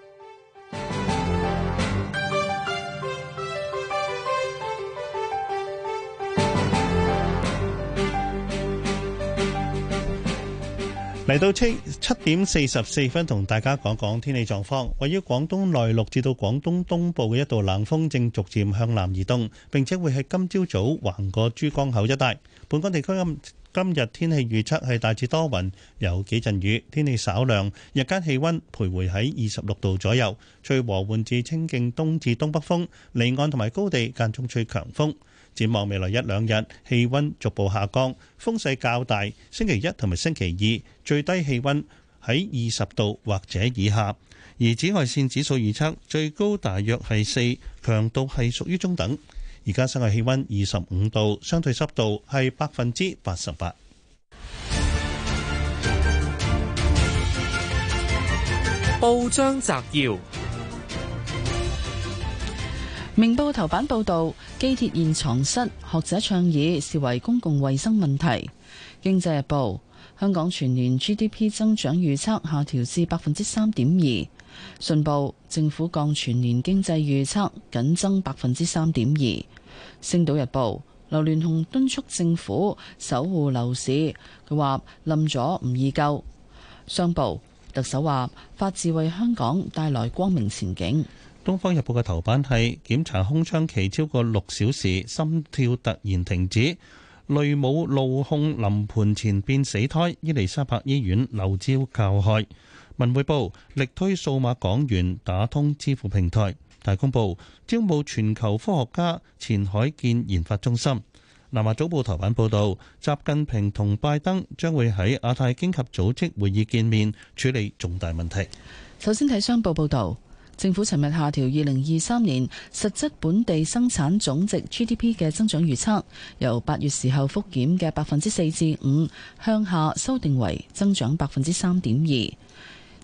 嚟到七七點四十四分，同大家講講天氣狀況。位於廣東內陸至到廣東東部嘅一道冷鋒正逐漸向南移動，並且會喺今朝早橫過珠江口一帶。本港地區今今日天氣預測係大致多雲，有幾陣雨，天氣稍涼，日間氣温徘徊喺二十六度左右，吹和緩至清勁東至東北風，離岸同埋高地間中吹強風。展望未來一兩日，氣溫逐步下降，風勢較大。星期一同埋星期二最低氣溫喺二十度或者以下，而紫外線指數預測最高大約係四，強度係屬於中等。而家室外氣溫二十五度，相對濕度係百分之八十八。報章摘要。明報頭版報道，機鐵現藏室學者倡議視為公共衛生問題。經濟日報：香港全年 GDP 增長預測下調至百分之三點二。信報：政府降全年經濟預測增增，僅增百分之三點二。星島日報：劉鑾雄敦促政府守護樓市，佢話冧咗唔易救。商報：特首話法治為香港帶來光明前景。東方日報嘅頭版係檢查空窗期超過六小時，心跳突然停止；雷母怒控臨盆前變死胎，伊利沙伯醫院漏招靠害。文匯報力推數碼港元，打通支付平台。大公報招募全球科學家，前海建研發中心。南華早報頭版報道，習近平同拜登將會喺亞太經合組織會議見面，處理重大問題。首先睇商報報道。政府尋日下調二零二三年實質本地生產總值 GDP 嘅增長預測，由八月時候復檢嘅百分之四至五向下修訂為增長百分之三點二。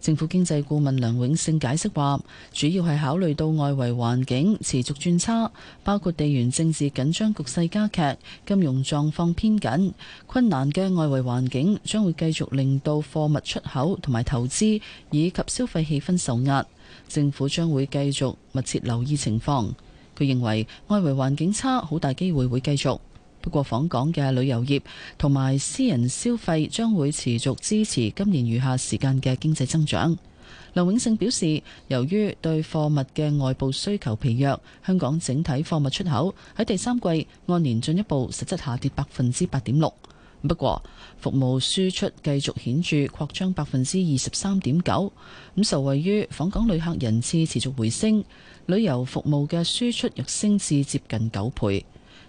政府經濟顧問梁永勝解釋話，主要係考慮到外圍環境持續轉差，包括地緣政治緊張局勢加劇、金融狀況偏緊、困難嘅外圍環境，將會繼續令到貨物出口同埋投資以及消費氣氛受壓。政府將會繼續密切留意情況。佢認為外圍環境差，好大機會會繼續。不過，訪港嘅旅遊業同埋私人消費將會持續支持今年餘下時間嘅經濟增長。梁永勝表示，由於對貨物嘅外部需求疲弱，香港整體貨物出口喺第三季按年進一步實質下跌百分之八點六。不過，服務輸出繼續顯著擴張，百分之二十三點九。咁受惠於訪港旅客人次持續回升，旅遊服務嘅輸出躍升至接近九倍。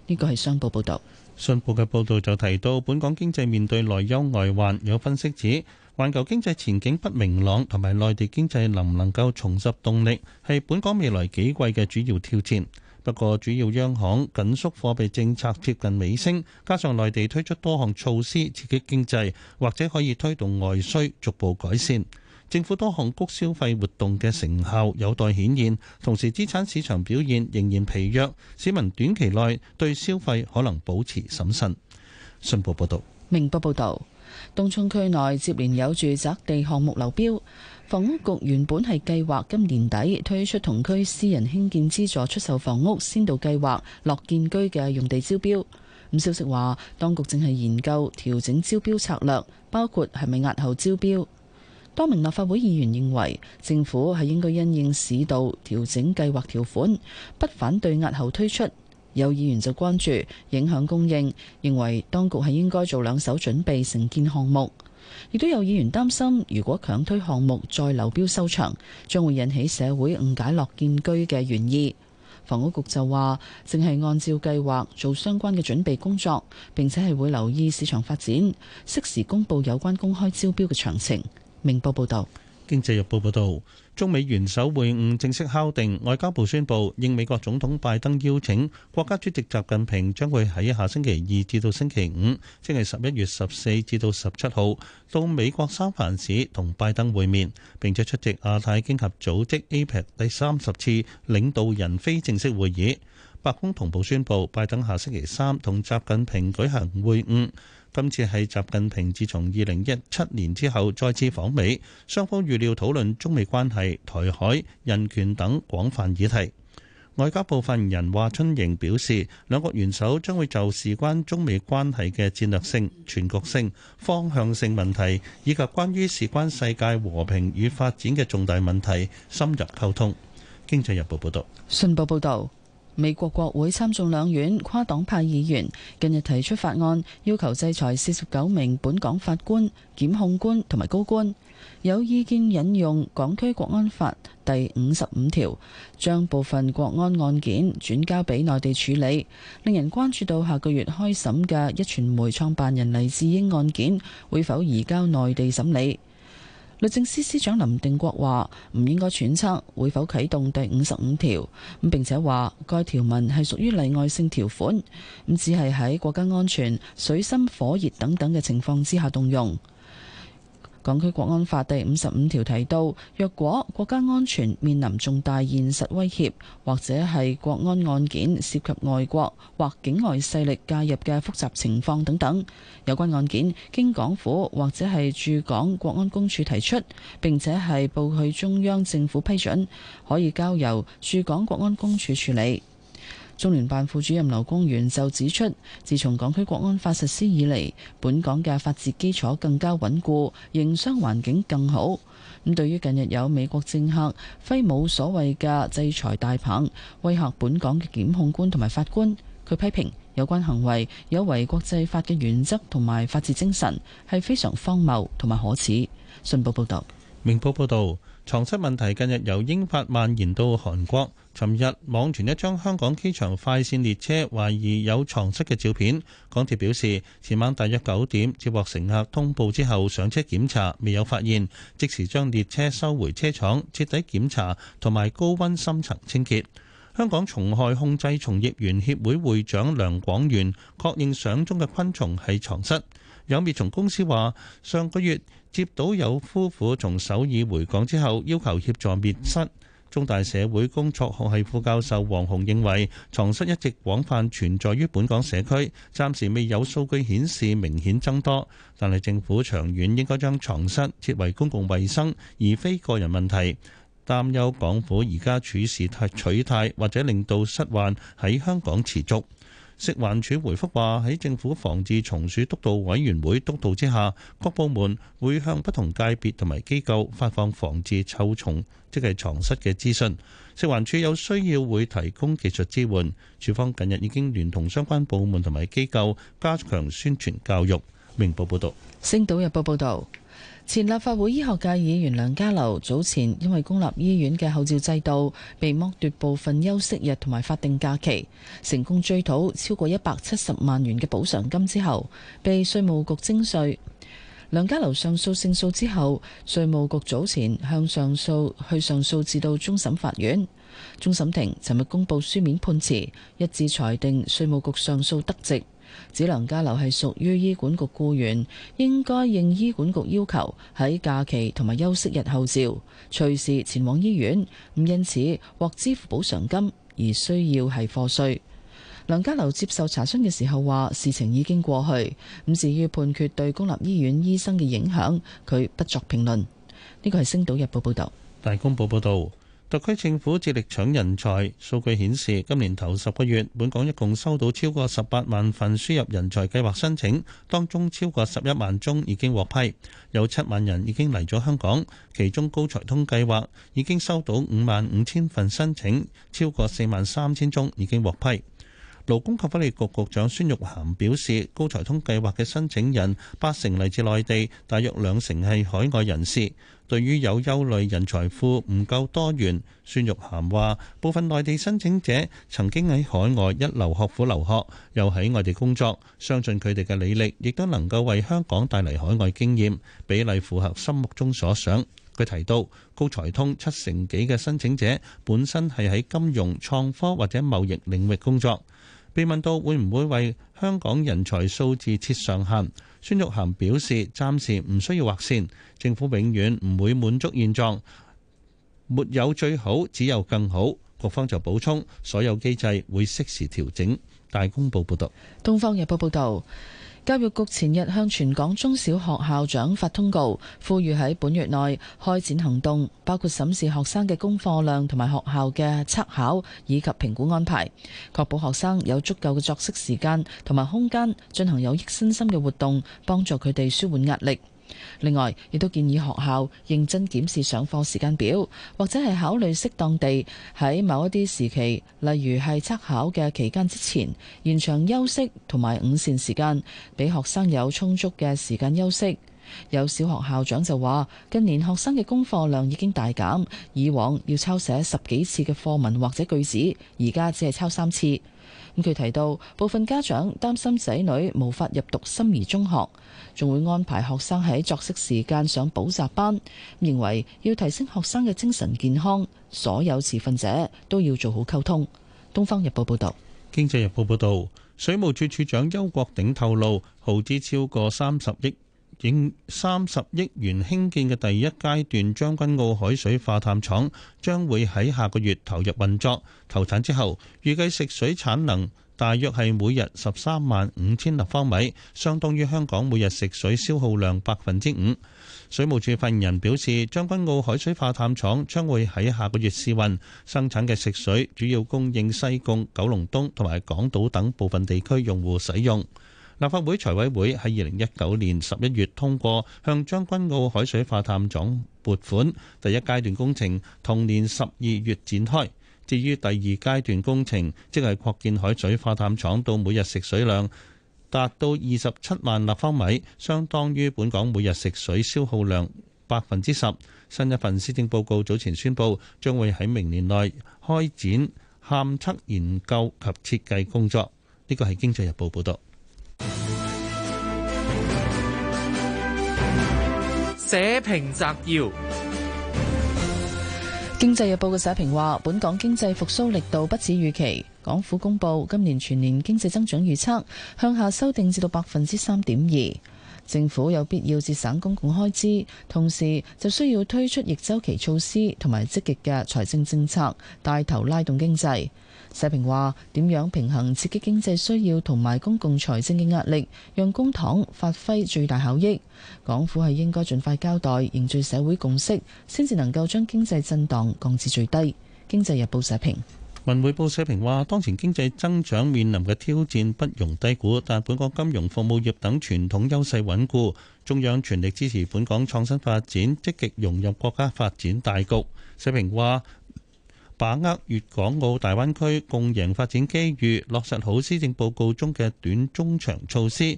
呢個係商報報導。信報嘅報導就提到，本港經濟面對內憂外患，有分析指，環球經濟前景不明朗，同埋內地經濟能唔能夠重拾動力，係本港未來幾季嘅主要挑戰。不過，主要央行緊縮貨幣政策接近尾聲，加上內地推出多項措施刺激經濟，或者可以推動外需逐步改善。政府多項谷消費活動嘅成效有待顯現，同時資產市場表現仍然疲弱，市民短期內對消費可能保持審慎。信報報導，明報報導，東涌區內接連有住宅地項目流標。房屋局原本係計劃今年底推出同區私人興建資助出售房屋先導計劃樂建居嘅用地招標。咁消息話當局正係研究調整招標策略，包括係咪押後招標。多名立法會議員認為政府係應該因應市道調整計劃條款，不反對押後推出。有議員就關注影響供應，認為當局係應該做兩手準備，承建項目。亦都有議員擔心，如果強推項目再流標收場，將會引起社會誤解樂建居嘅原意。房屋局就話，正係按照計劃做相關嘅準備工作，並且係會留意市場發展，適時公佈有關公開招標嘅詳情。明報報導。經濟日報報道，中美元首會晤正式敲定。外交部宣布，應美國總統拜登邀請，國家主席習近平將會喺下星期二至到星期五，即係十一月十四至到十七號，到美國三藩市同拜登會面，並且出席亞太經合組織 APEC 第三十次領導人非正式會議。白宮同步宣布，拜登下星期三同習近平舉行會晤。今次係習近平自從二零一七年之後再次訪美，雙方預料討論中美關係、台海、人權等廣泛議題。外交部發言人華春瑩表示，兩國元首將會就事關中美關係嘅戰略性、全局性、方向性問題，以及關於事關世界和平與發展嘅重大問題深入溝通。經濟日報報道。信報報導。美國國會參眾兩院跨黨派議員近日提出法案，要求制裁四十九名本港法官、檢控官同埋高官。有意見引用港區國安法第五十五條，將部分國安案件轉交俾內地處理，令人關注到下個月開審嘅壹傳媒創辦人黎智英案件會否移交內地審理。律政司司長林定國話，唔應該揣測會否啟動第五十五條咁，並且話該條文係屬於例外性條款，咁只係喺國家安全、水深火熱等等嘅情況之下動用。《港區國安法》第五十五條提到，若果國家安全面臨重大現實威脅，或者係國安案件涉及外國或境外勢力介入嘅複雜情況等等，有關案件經港府或者係駐港國安公署提出，並且係報去中央政府批准，可以交由駐港國安公署處理。中聯辦副主任劉光源就指出，自從港區國安法實施以嚟，本港嘅法治基礎更加穩固，營商環境更好。咁對於近日有美國政客揮舞所謂嘅制裁大棒，威嚇本港嘅檢控官同埋法官，佢批評有關行為有違國際法嘅原則同埋法治精神，係非常荒謬同埋可恥。信報報道。明報報導。藏蝨問題近日由英法蔓延到韓國，尋日網傳一張香港機場快線列車懷疑有床蝨嘅照片，港鐵表示前晚大約九點接獲乘客通報之後上車檢查，未有發現，即時將列車收回車廠徹底檢查同埋高溫深層清潔，香港蟲害控制從業員協會會長梁廣源確認相中嘅昆蟲係床蝨。有滅蟲公司話：上個月接到有夫婦從首爾回港之後，要求協助滅蝨。中大社會工作學系副教授黃洪認為，床蝨一直廣泛存在於本港社區，暫時未有數據顯示明顯增多。但係政府長遠應該將床蝨設為公共衛生，而非個人問題，擔憂港府而家處事取態，或者令到蝨患喺香港持續。食環署回覆話喺政府防治蟲鼠督導委員會督導之下，各部門會向不同界別同埋機構發放防治臭蟲，即係床蝨嘅資訊。食環署有需要會提供技術支援。署方近日已經聯同相關部門同埋機構加強宣傳教育。明報報道，《星島日報》報道。前立法會醫學界議員梁家騮早前因為公立醫院嘅口罩制度被剝奪部分休息日同埋法定假期，成功追討超過一百七十萬元嘅補償金之後，被稅務局徵稅。梁家騮上訴勝訴之後，稅務局早前向上訴去上訴至到終審法院。終審庭尋日公佈書面判詞，一致裁定稅務局上訴得直。指梁家樓係屬於醫管局僱員，應該應醫管局要求喺假期同埋休息日后照，隨時前往醫院。咁因此獲支付補償金，而需要係課稅。梁家樓接受查詢嘅時候話，事情已經過去。咁至於判決對公立醫院醫生嘅影響，佢不作評論。呢、這個係《星島日報》報道，大公報報道。特區政府致力搶人才，數據顯示今年頭十個月，本港一共收到超過十八萬份輸入人才計劃申請，當中超過十一萬宗已經獲批，有七萬人已經嚟咗香港。其中高才通計劃已經收到五萬五千份申請，超過四萬三千宗已經獲批。勞工及福利局局長孫玉菡表示，高才通計劃嘅申請人八成嚟自內地，大約兩成係海外人士。對於有憂慮人才庫唔夠多元，孫玉菡話部分內地申請者曾經喺海外一流學府留學，又喺外地工作，相信佢哋嘅履歷亦都能夠為香港帶嚟海外經驗，比例符合心目中所想。佢提到，高才通七成幾嘅申請者本身係喺金融、創科或者貿易領域工作。被問到會唔會為香港人才數字設上限，孫玉菡表示暫時唔需要劃線，政府永遠唔會滿足現狀，沒有最好，只有更好。各方就補充，所有機制會適時調整。大公報報道。東方日報,報道》報導。教育局前日向全港中小學校長發通告，呼籲喺本月內開展行動，包括審視學生嘅功課量同埋學校嘅測考以及評估安排，確保學生有足夠嘅作息時間同埋空間進行有益身心嘅活動，幫助佢哋舒緩壓力。另外，亦都建議學校認真檢視上課時間表，或者係考慮適當地喺某一啲時期，例如係測考嘅期間之前延長休息同埋午膳時間，俾學生有充足嘅時間休息。有小學校長就話，近年學生嘅功課量已經大減，以往要抄寫十幾次嘅課文或者句子，而家只係抄三次。佢提到，部分家長擔心仔女無法入讀心儀中學，仲會安排學生喺作息時間上補習班，認為要提升學生嘅精神健康，所有持份者都要做好溝通。《東方日報》報道。《經濟日報》報道，水務處處長邱國鼎透露，耗資超過三十億。應三十億元興建嘅第一階段將軍澳海水化淡廠將會喺下個月投入運作投產之後，預計食水產能大約係每日十三萬五千立方米，相當於香港每日食水消耗量百分之五。水務署發言人表示，將軍澳海水化淡廠將會喺下個月試運，生產嘅食水主要供應西貢、九龍東同埋港島等部分地區用戶使用。立法會財委會喺二零一九年十一月通過向將軍澳海水化淡廠撥款，第一階段工程同年十二月展開。至於第二階段工程，即係擴建海水化淡廠到每日食水量達到二十七萬立方米，相當於本港每日食水消耗量百分之十。新一份施政報告早前宣布，將會喺明年內開展勘測研究及設計工作。呢個係《經濟日報》報道。社評摘要。經濟日報嘅社評話，本港經濟復蘇力度不似預期。港府公布今年全年經濟增長預測向下修訂至到百分之三點二。政府有必要節省公共開支，同時就需要推出逆周期措施同埋積極嘅財政政策，帶頭拉動經濟。社評話：點樣平衡刺激經濟需要同埋公共財政嘅壓力，讓公帑發揮最大效益？港府係應該盡快交代，凝聚社會共識，先至能夠將經濟震盪降至最低。《經濟日報》社評，《文匯報》社評話：當前經濟增長面臨嘅挑戰不容低估，但本港金融服務業等傳統優勢穩固，中央全力支持本港創新發展，積極融入國家發展大局。社評話。把握粵港澳大灣區共贏發展機遇，落實好施政報告中嘅短中長措施，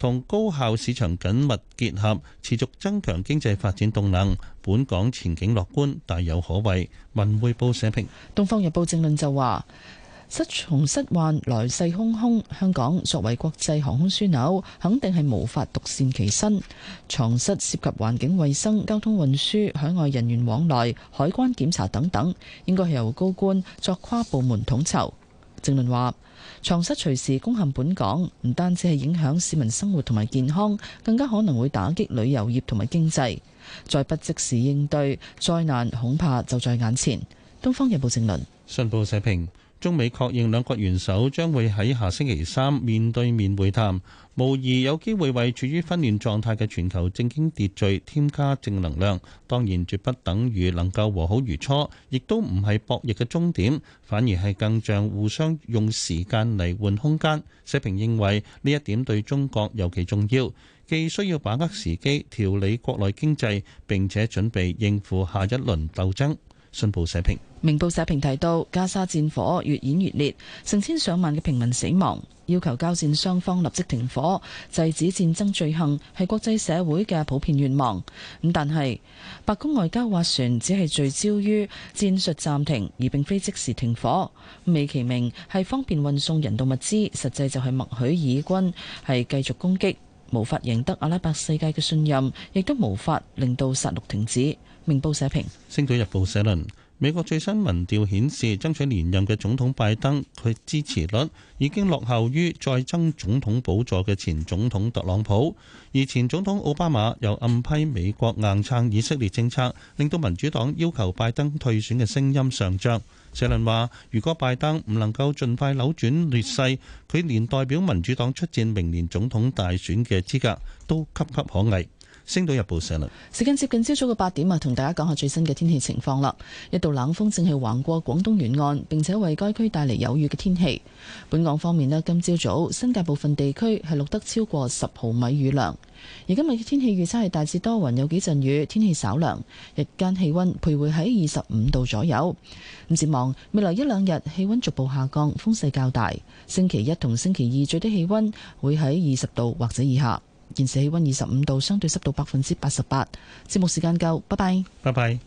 同高效市場緊密結合，持續增強經濟發展動能。本港前景樂觀，大有可為。文匯報社評，東方日報正論就話。蝨蹤蝨患，來勢洶洶。香港作為國際航空樞紐，肯定係無法獨善其身。床蝨涉及環境衛生、交通運輸、海外人員往來、海關檢查等等，應該係由高官作跨部門統籌。正論話：床蝨隨時攻陷本港，唔單止係影響市民生活同埋健康，更加可能會打擊旅遊業同埋經濟。再不即時應對，災難恐怕就在眼前。東方日報正論。信報社評。中美確認兩國元首將會喺下星期三面對面會談，無疑有機會為處於紛亂狀態嘅全球政經秩序添加正能量。當然，絕不等於能夠和好如初，亦都唔係博弈嘅終點，反而係更像互相用時間嚟換空間，社評認為呢一點對中國尤其重要，既需要把握時機調理國內經濟，並且準備應付下一輪鬥爭。信報社評，明報社評提到，加沙戰火越演越烈，成千上萬嘅平民死亡，要求交戰雙方立即停火，制止戰爭罪行，係國際社會嘅普遍願望。咁但係，白宮外交話船只係聚焦於戰術暫停，而並非即時停火。美其名係方便運送人道物資，實際就係默許以軍係繼續攻擊，無法贏得阿拉伯世界嘅信任，亦都無法令到殺戮停止。明報社評，《星島日報》社論：美國最新民調顯示，爭取連任嘅總統拜登佢支持率已經落後於再爭總統寶座嘅前總統特朗普，而前總統奧巴馬又暗批美國硬撐以色列政策，令到民主黨要求拜登退選嘅聲音上漲。社論話：如果拜登唔能夠盡快扭轉劣勢，佢連代表民主黨出戰明年總統大選嘅資格都岌岌可危。《星島日報》新聞，時間接近朝早嘅八點啊，同大家講下最新嘅天氣情況啦。一道冷鋒正係橫過廣東沿岸，並且為該區帶嚟有雨嘅天氣。本港方面咧，今朝早，早新界部分地區係錄得超過十毫米雨量。而今日嘅天氣預測係大致多雲，有幾陣雨，天氣稍涼。日間氣溫徘徊喺二十五度左右。展望未來一兩日，氣溫逐步下降，風勢較大。星期一同星期二最低氣溫會喺二十度或者以下。現時氣溫二十五度，相對濕度百分之八十八。節目時間夠，拜拜，拜拜。